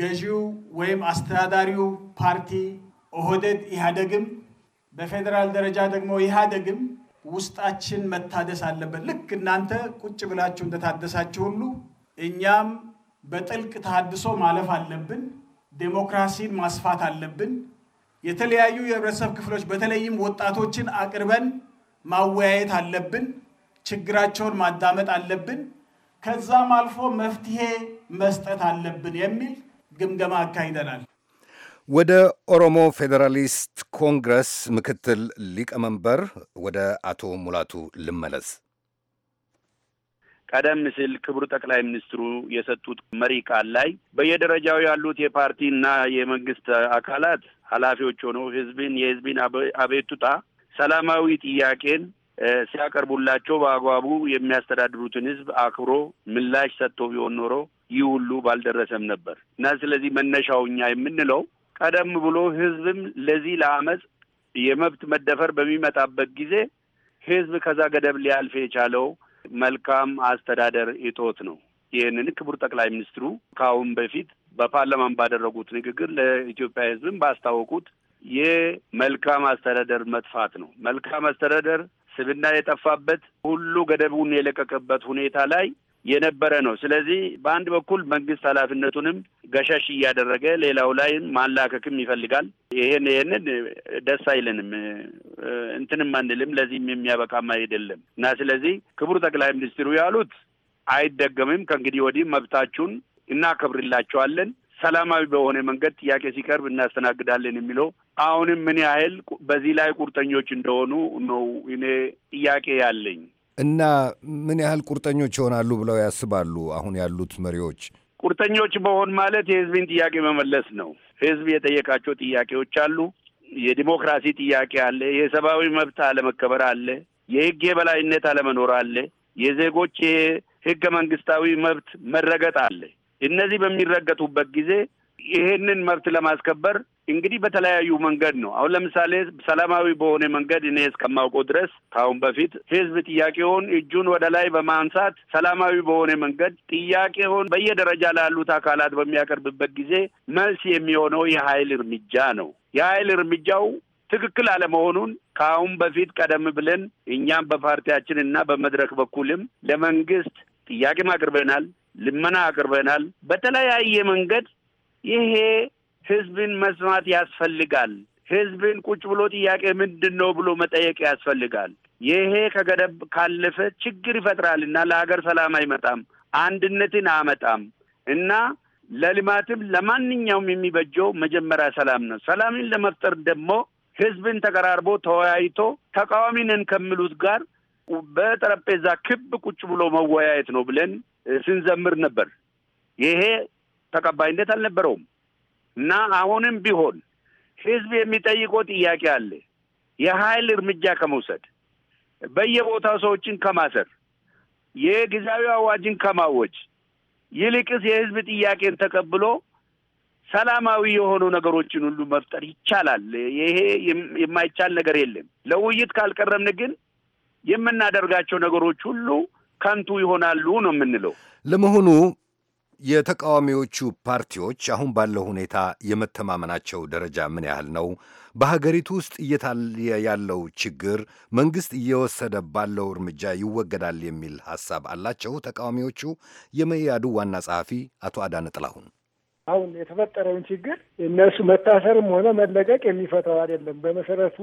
ገዢው ወይም አስተዳዳሪው ፓርቲ ኦህደድ ኢህአደግም፣ በፌዴራል ደረጃ ደግሞ ኢህአደግም ውስጣችን መታደስ አለበት። ልክ እናንተ ቁጭ ብላችሁ እንደታደሳችሁ ሁሉ እኛም በጥልቅ ተሃድሶ ማለፍ አለብን። ዴሞክራሲን ማስፋት አለብን። የተለያዩ የህብረተሰብ ክፍሎች በተለይም ወጣቶችን አቅርበን ማወያየት አለብን። ችግራቸውን ማዳመጥ አለብን። ከዛም አልፎ መፍትሄ መስጠት አለብን የሚል ግምገማ አካሂደናል። ወደ ኦሮሞ ፌዴራሊስት ኮንግረስ ምክትል ሊቀመንበር ወደ አቶ ሙላቱ ልመለስ። ቀደም ሲል ክቡር ጠቅላይ ሚኒስትሩ የሰጡት መሪ ቃል ላይ በየደረጃው ያሉት የፓርቲና የመንግስት አካላት ኃላፊዎች ሆነው ህዝብን የህዝብን አቤቱታ ሰላማዊ ጥያቄን ሲያቀርቡላቸው በአግባቡ የሚያስተዳድሩትን ህዝብ አክብሮ ምላሽ ሰጥቶ ቢሆን ኖሮ ይህ ሁሉ ባልደረሰም ነበር እና ስለዚህ መነሻው እኛ የምንለው ቀደም ብሎ ህዝብም ለዚህ ለአመፅ የመብት መደፈር በሚመጣበት ጊዜ ህዝብ ከዛ ገደብ ሊያልፍ የቻለው መልካም አስተዳደር እጦት ነው። ይህንን ክቡር ጠቅላይ ሚኒስትሩ ከአሁን በፊት በፓርላማን ባደረጉት ንግግር ለኢትዮጵያ ህዝብም ባስታወቁት የመልካም አስተዳደር መጥፋት ነው። መልካም አስተዳደር ስብና የጠፋበት ሁሉ ገደቡን የለቀቀበት ሁኔታ ላይ የነበረ ነው። ስለዚህ በአንድ በኩል መንግስት ኃላፊነቱንም ገሸሽ እያደረገ ሌላው ላይም ማላከክም ይፈልጋል። ይሄን ይሄንን ደስ አይለንም፣ እንትንም አንልም። ለዚህም የሚያበቃም አይደለም እና ስለዚህ ክቡር ጠቅላይ ሚኒስትሩ ያሉት አይደገምም። ከእንግዲህ ወዲህ መብታችሁን እናከብርላቸዋለን፣ ሰላማዊ በሆነ መንገድ ጥያቄ ሲቀርብ እናስተናግዳለን የሚለው አሁንም ምን ያህል በዚህ ላይ ቁርጠኞች እንደሆኑ ነው እኔ ጥያቄ ያለኝ። እና ምን ያህል ቁርጠኞች ይሆናሉ ብለው ያስባሉ? አሁን ያሉት መሪዎች ቁርጠኞች መሆን ማለት የህዝብን ጥያቄ መመለስ ነው። ህዝብ የጠየቃቸው ጥያቄዎች አሉ። የዲሞክራሲ ጥያቄ አለ። የሰብአዊ መብት አለመከበር አለ። የህግ የበላይነት አለመኖር አለ። የዜጎች የህገ መንግስታዊ መብት መረገጥ አለ። እነዚህ በሚረገጡበት ጊዜ ይህንን መብት ለማስከበር እንግዲህ በተለያዩ መንገድ ነው። አሁን ለምሳሌ ሰላማዊ በሆነ መንገድ እኔ እስከማውቀው ድረስ ከአሁን በፊት ህዝብ ጥያቄውን እጁን ወደ ላይ በማንሳት ሰላማዊ በሆነ መንገድ ጥያቄውን በየደረጃ ላሉት አካላት በሚያቀርብበት ጊዜ መልስ የሚሆነው የኃይል እርምጃ ነው። የኃይል እርምጃው ትክክል አለመሆኑን ከአሁን በፊት ቀደም ብለን እኛም በፓርቲያችን እና በመድረክ በኩልም ለመንግስት ጥያቄም አቅርበናል፣ ልመና አቅርበናል። በተለያየ መንገድ ይሄ ህዝብን መስማት ያስፈልጋል። ህዝብን ቁጭ ብሎ ጥያቄ ምንድን ነው ብሎ መጠየቅ ያስፈልጋል። ይሄ ከገደብ ካለፈ ችግር ይፈጥራል እና ለሀገር ሰላም አይመጣም፣ አንድነትን አመጣም እና ለልማትም ለማንኛውም የሚበጀው መጀመሪያ ሰላም ነው። ሰላምን ለመፍጠር ደግሞ ህዝብን ተቀራርቦ ተወያይቶ ተቃዋሚ ነን ከሚሉት ጋር በጠረጴዛ ክብ ቁጭ ብሎ መወያየት ነው ብለን ስንዘምር ነበር። ይሄ ተቀባይነት አልነበረውም። እና አሁንም ቢሆን ህዝብ የሚጠይቀው ጥያቄ አለ። የኃይል እርምጃ ከመውሰድ በየቦታው ሰዎችን ከማሰር የጊዜያዊ አዋጅን ከማወጅ ይልቅስ የህዝብ ጥያቄን ተቀብሎ ሰላማዊ የሆኑ ነገሮችን ሁሉ መፍጠር ይቻላል። ይሄ የማይቻል ነገር የለም። ለውይይት ካልቀረምን ግን የምናደርጋቸው ነገሮች ሁሉ ከንቱ ይሆናሉ ነው የምንለው። ለመሆኑ የተቃዋሚዎቹ ፓርቲዎች አሁን ባለው ሁኔታ የመተማመናቸው ደረጃ ምን ያህል ነው? በሀገሪቱ ውስጥ እየታየ ያለው ችግር መንግሥት እየወሰደ ባለው እርምጃ ይወገዳል የሚል ሐሳብ አላቸው ተቃዋሚዎቹ? የመያዱ ዋና ጸሐፊ አቶ አዳነ ጥላሁን አሁን የተፈጠረውን ችግር እነሱ መታሰርም ሆነ መለቀቅ የሚፈታው አይደለም። በመሰረቱ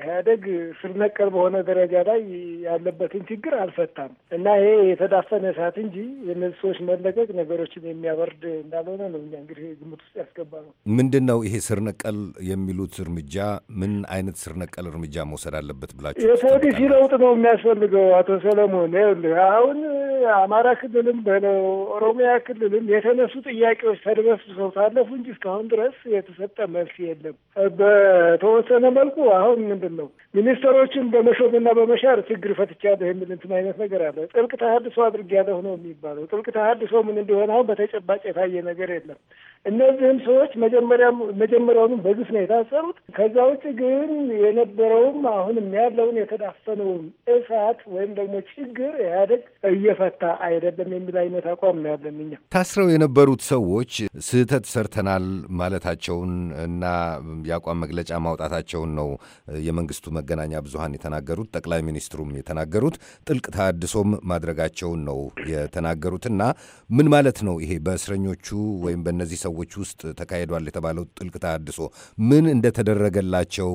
ኢህአደግ ስር ነቀል በሆነ ደረጃ ላይ ያለበትን ችግር አልፈታም እና ይሄ የተዳፈነ እሳት እንጂ የእነዚህ ሰዎች መለቀቅ ነገሮችን የሚያበርድ እንዳልሆነ ነው እኛ እንግዲህ ግምት ውስጥ ያስገባ ነው። ምንድን ነው ይሄ ስር ነቀል የሚሉት እርምጃ? ምን አይነት ስር ነቀል እርምጃ መውሰድ አለበት ብላችሁ? የፖሊሲ ለውጥ ነው የሚያስፈልገው አቶ ሰለሞን። አሁን አማራ ክልልም በለው ኦሮሚያ ክልልም የተነሱ ጥያቄዎች ተድበ በስብሰው ሳለፉ እንጂ እስካሁን ድረስ የተሰጠ መልስ የለም። በተወሰነ መልኩ አሁን ምንድን ነው ሚኒስትሮችን በመሾምና በመሻር ችግር ፈትቻለሁ የሚል እንትን አይነት ነገር አለ። ጥልቅ ተሀድሶ አድርጌያለሁ ነው የሚባለው። ጥልቅ ተሀድሶ ምን እንደሆነ አሁን በተጨባጭ የታየ ነገር የለም። እነዚህም ሰዎች መጀመሪያውኑ በግፍ ነው የታሰሩት። ከዛ ውጭ ግን የነበረውም አሁንም ያለውን የተዳፈነውን እሳት ወይም ደግሞ ችግር ኢህአዴግ እየፈታ አይደለም የሚል አይነት አቋም ነው ያለን እኛ ታስረው የነበሩት ሰዎች ስህተት ሰርተናል ማለታቸውን እና የአቋም መግለጫ ማውጣታቸውን ነው የመንግስቱ መገናኛ ብዙሀን የተናገሩት። ጠቅላይ ሚኒስትሩም የተናገሩት ጥልቅ ተሃድሶም ማድረጋቸውን ነው የተናገሩት እና ምን ማለት ነው ይሄ በእስረኞቹ ወይም በእነዚህ ሰዎች ውስጥ ተካሂዷል የተባለው ጥልቅ ተሃድሶ ምን እንደተደረገላቸው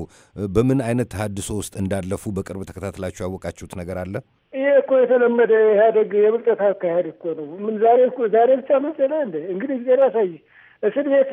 በምን አይነት ተሃድሶ ውስጥ እንዳለፉ በቅርብ ተከታትላችሁ ያወቃችሁት ነገር አለ? ይሄ እኮ የተለመደ ኢህአደግ የብልጠት አካሄድ እኮ ነው። ምን ዛሬ እኮ ዛሬ ብቻ መሰለህ እንደ እንግዲህ ጊዜ ያሳይ እስር ቤት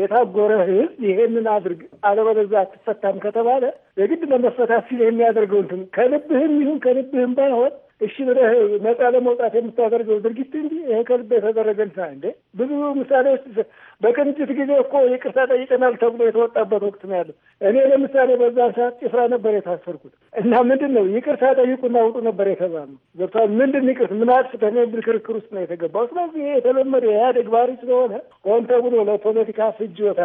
የታጎረ ህዝብ ይሄንን አድርግ አለበለዚያ አትፈታም ከተባለ የግድ ለመፈታት ሲል የሚያደርገው እንትን ከልብህም ይሁን ከልብህም ባይሆን እሺ ብለህ ነጻ ለመውጣት የምታደርገው ድርጊት እንጂ ይሄ ከልብ የተደረገ እንትን እንዴ? ብዙ ምሳሌ ውስጥ በቅንጅት ጊዜ እኮ ይቅርታ ጠይቀናል ተብሎ የተወጣበት ወቅት ነው ያለው። እኔ ለምሳሌ በዛን ሰዓት ጭፍራ ነበር የታሰርኩት እና ምንድን ነው ይቅርታ ጠይቁና ውጡ ነበር የተባልነው። ገብቶሃል? ምንድን ይቅርት ምን አጥፍተህ የሚል ክርክር ውስጥ ነው የተገባው። ስለዚህ ይሄ የተለመደ የኢህአዴግ ባህሪ ስለሆነ ሆን ተብሎ ለፖለቲካ ፍጆታ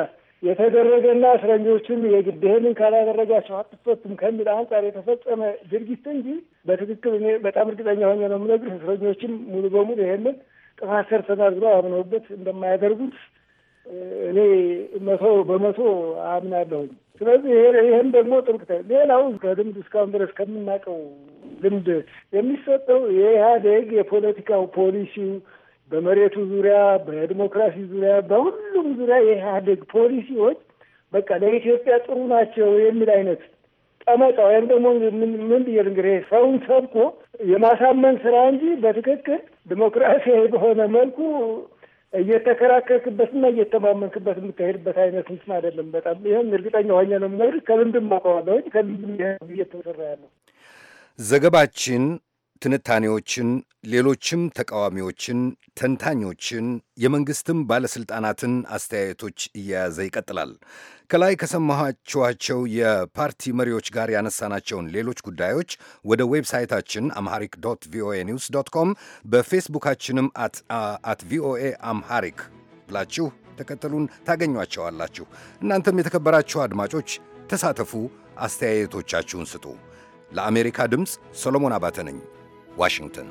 የተደረገና እስረኞቹን የግድ ይህንን ካላደረጋቸው አትፈቱም ከሚል አንጻር የተፈጸመ ድርጊት እንጂ በትክክል እኔ በጣም እርግጠኛ ሆኜ ነው የምነግርህ እስረኞችም ሙሉ በሙሉ ይህንን ጥፋት ሰርተናል ብለው አምነውበት እንደማያደርጉት እኔ መቶ በመቶ አምናለሁኝ። ስለዚህ ይህም ደግሞ ጥብቅተ ሌላው ከልምድ እስካሁን ድረስ ከምናውቀው ልምድ የሚሰጠው የኢህአዴግ የፖለቲካው ፖሊሲው በመሬቱ ዙሪያ፣ በዲሞክራሲ ዙሪያ፣ በሁሉም ዙሪያ የኢህአዴግ ፖሊሲዎች በቃ ለኢትዮጵያ ጥሩ ናቸው የሚል አይነት ጠመጣ ወይም ደግሞ ምን ብዬ እንግዲህ ሰውን ሰብኮ የማሳመን ስራ እንጂ በትክክል ዲሞክራሲያዊ በሆነ መልኩ እየተከራከርክበትና እየተማመንክበት የምታሄድበት አይነት እንትን አይደለም። በጣም ይህም እርግጠኛ ሆኜ ነው የምነግርህ። ከልምድም አውቀዋለሁ። ከልምድም እየተሰራ ያለው ዘገባችን ትንታኔዎችን፣ ሌሎችም ተቃዋሚዎችን፣ ተንታኞችን፣ የመንግሥትም ባለሥልጣናትን አስተያየቶች እየያዘ ይቀጥላል። ከላይ ከሰማችኋቸው የፓርቲ መሪዎች ጋር ያነሳናቸውን ሌሎች ጉዳዮች ወደ ዌብሳይታችን አምሃሪክ ዶት ቪኦኤ ኒውስ ዶት ኮም በፌስቡካችንም አት ቪኦኤ አምሃሪክ ብላችሁ ተከተሉን፣ ታገኟቸዋላችሁ። እናንተም የተከበራችሁ አድማጮች ተሳተፉ፣ አስተያየቶቻችሁን ስጡ። ለአሜሪካ ድምፅ ሰሎሞን አባተ ነኝ። ዋሽንግተን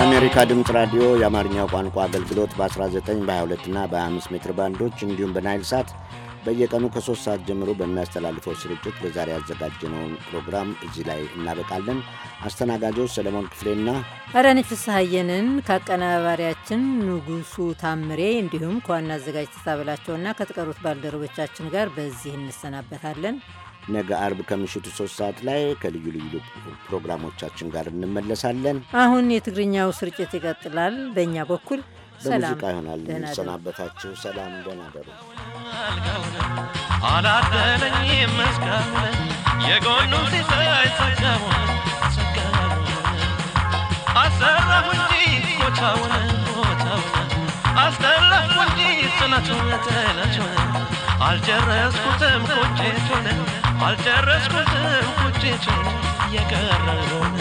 የአሜሪካ ድምፅ ራዲዮ የአማርኛው ቋንቋ አገልግሎት በ19 በ22 እና በ25 ሜትር ባንዶች እንዲሁም በናይል ሳት በየቀኑ ከሶስት ሰዓት ጀምሮ በሚያስተላልፈው ስርጭት ለዛሬ ያዘጋጀነውን ፕሮግራም እዚህ ላይ እናበቃለን። አስተናጋጆች ሰለሞን ክፍሌና አዳነች ፍስሐየንን ከአቀናባሪያችን ንጉሱ ታምሬ እንዲሁም ከዋና አዘጋጅ ተሳብላቸውና ከተቀሩት ባልደረቦቻችን ጋር በዚህ እንሰናበታለን። ነገ አርብ ከምሽቱ ሶስት ሰዓት ላይ ከልዩ ልዩ ፕሮግራሞቻችን ጋር እንመለሳለን። አሁን የትግርኛው ስርጭት ይቀጥላል። በእኛ በኩል በሙዚቃ ይሆናል የምንሰናበታችሁ። ሰላም፣ ደህና ደሩ። የጎኑ ሲሳይ ሰጋሙ አሰራሁ እንጂ ቦታውን አልጨረስኩትም ቁጭቱን አልጨረስኩትም ቁጭቱን የቀረውን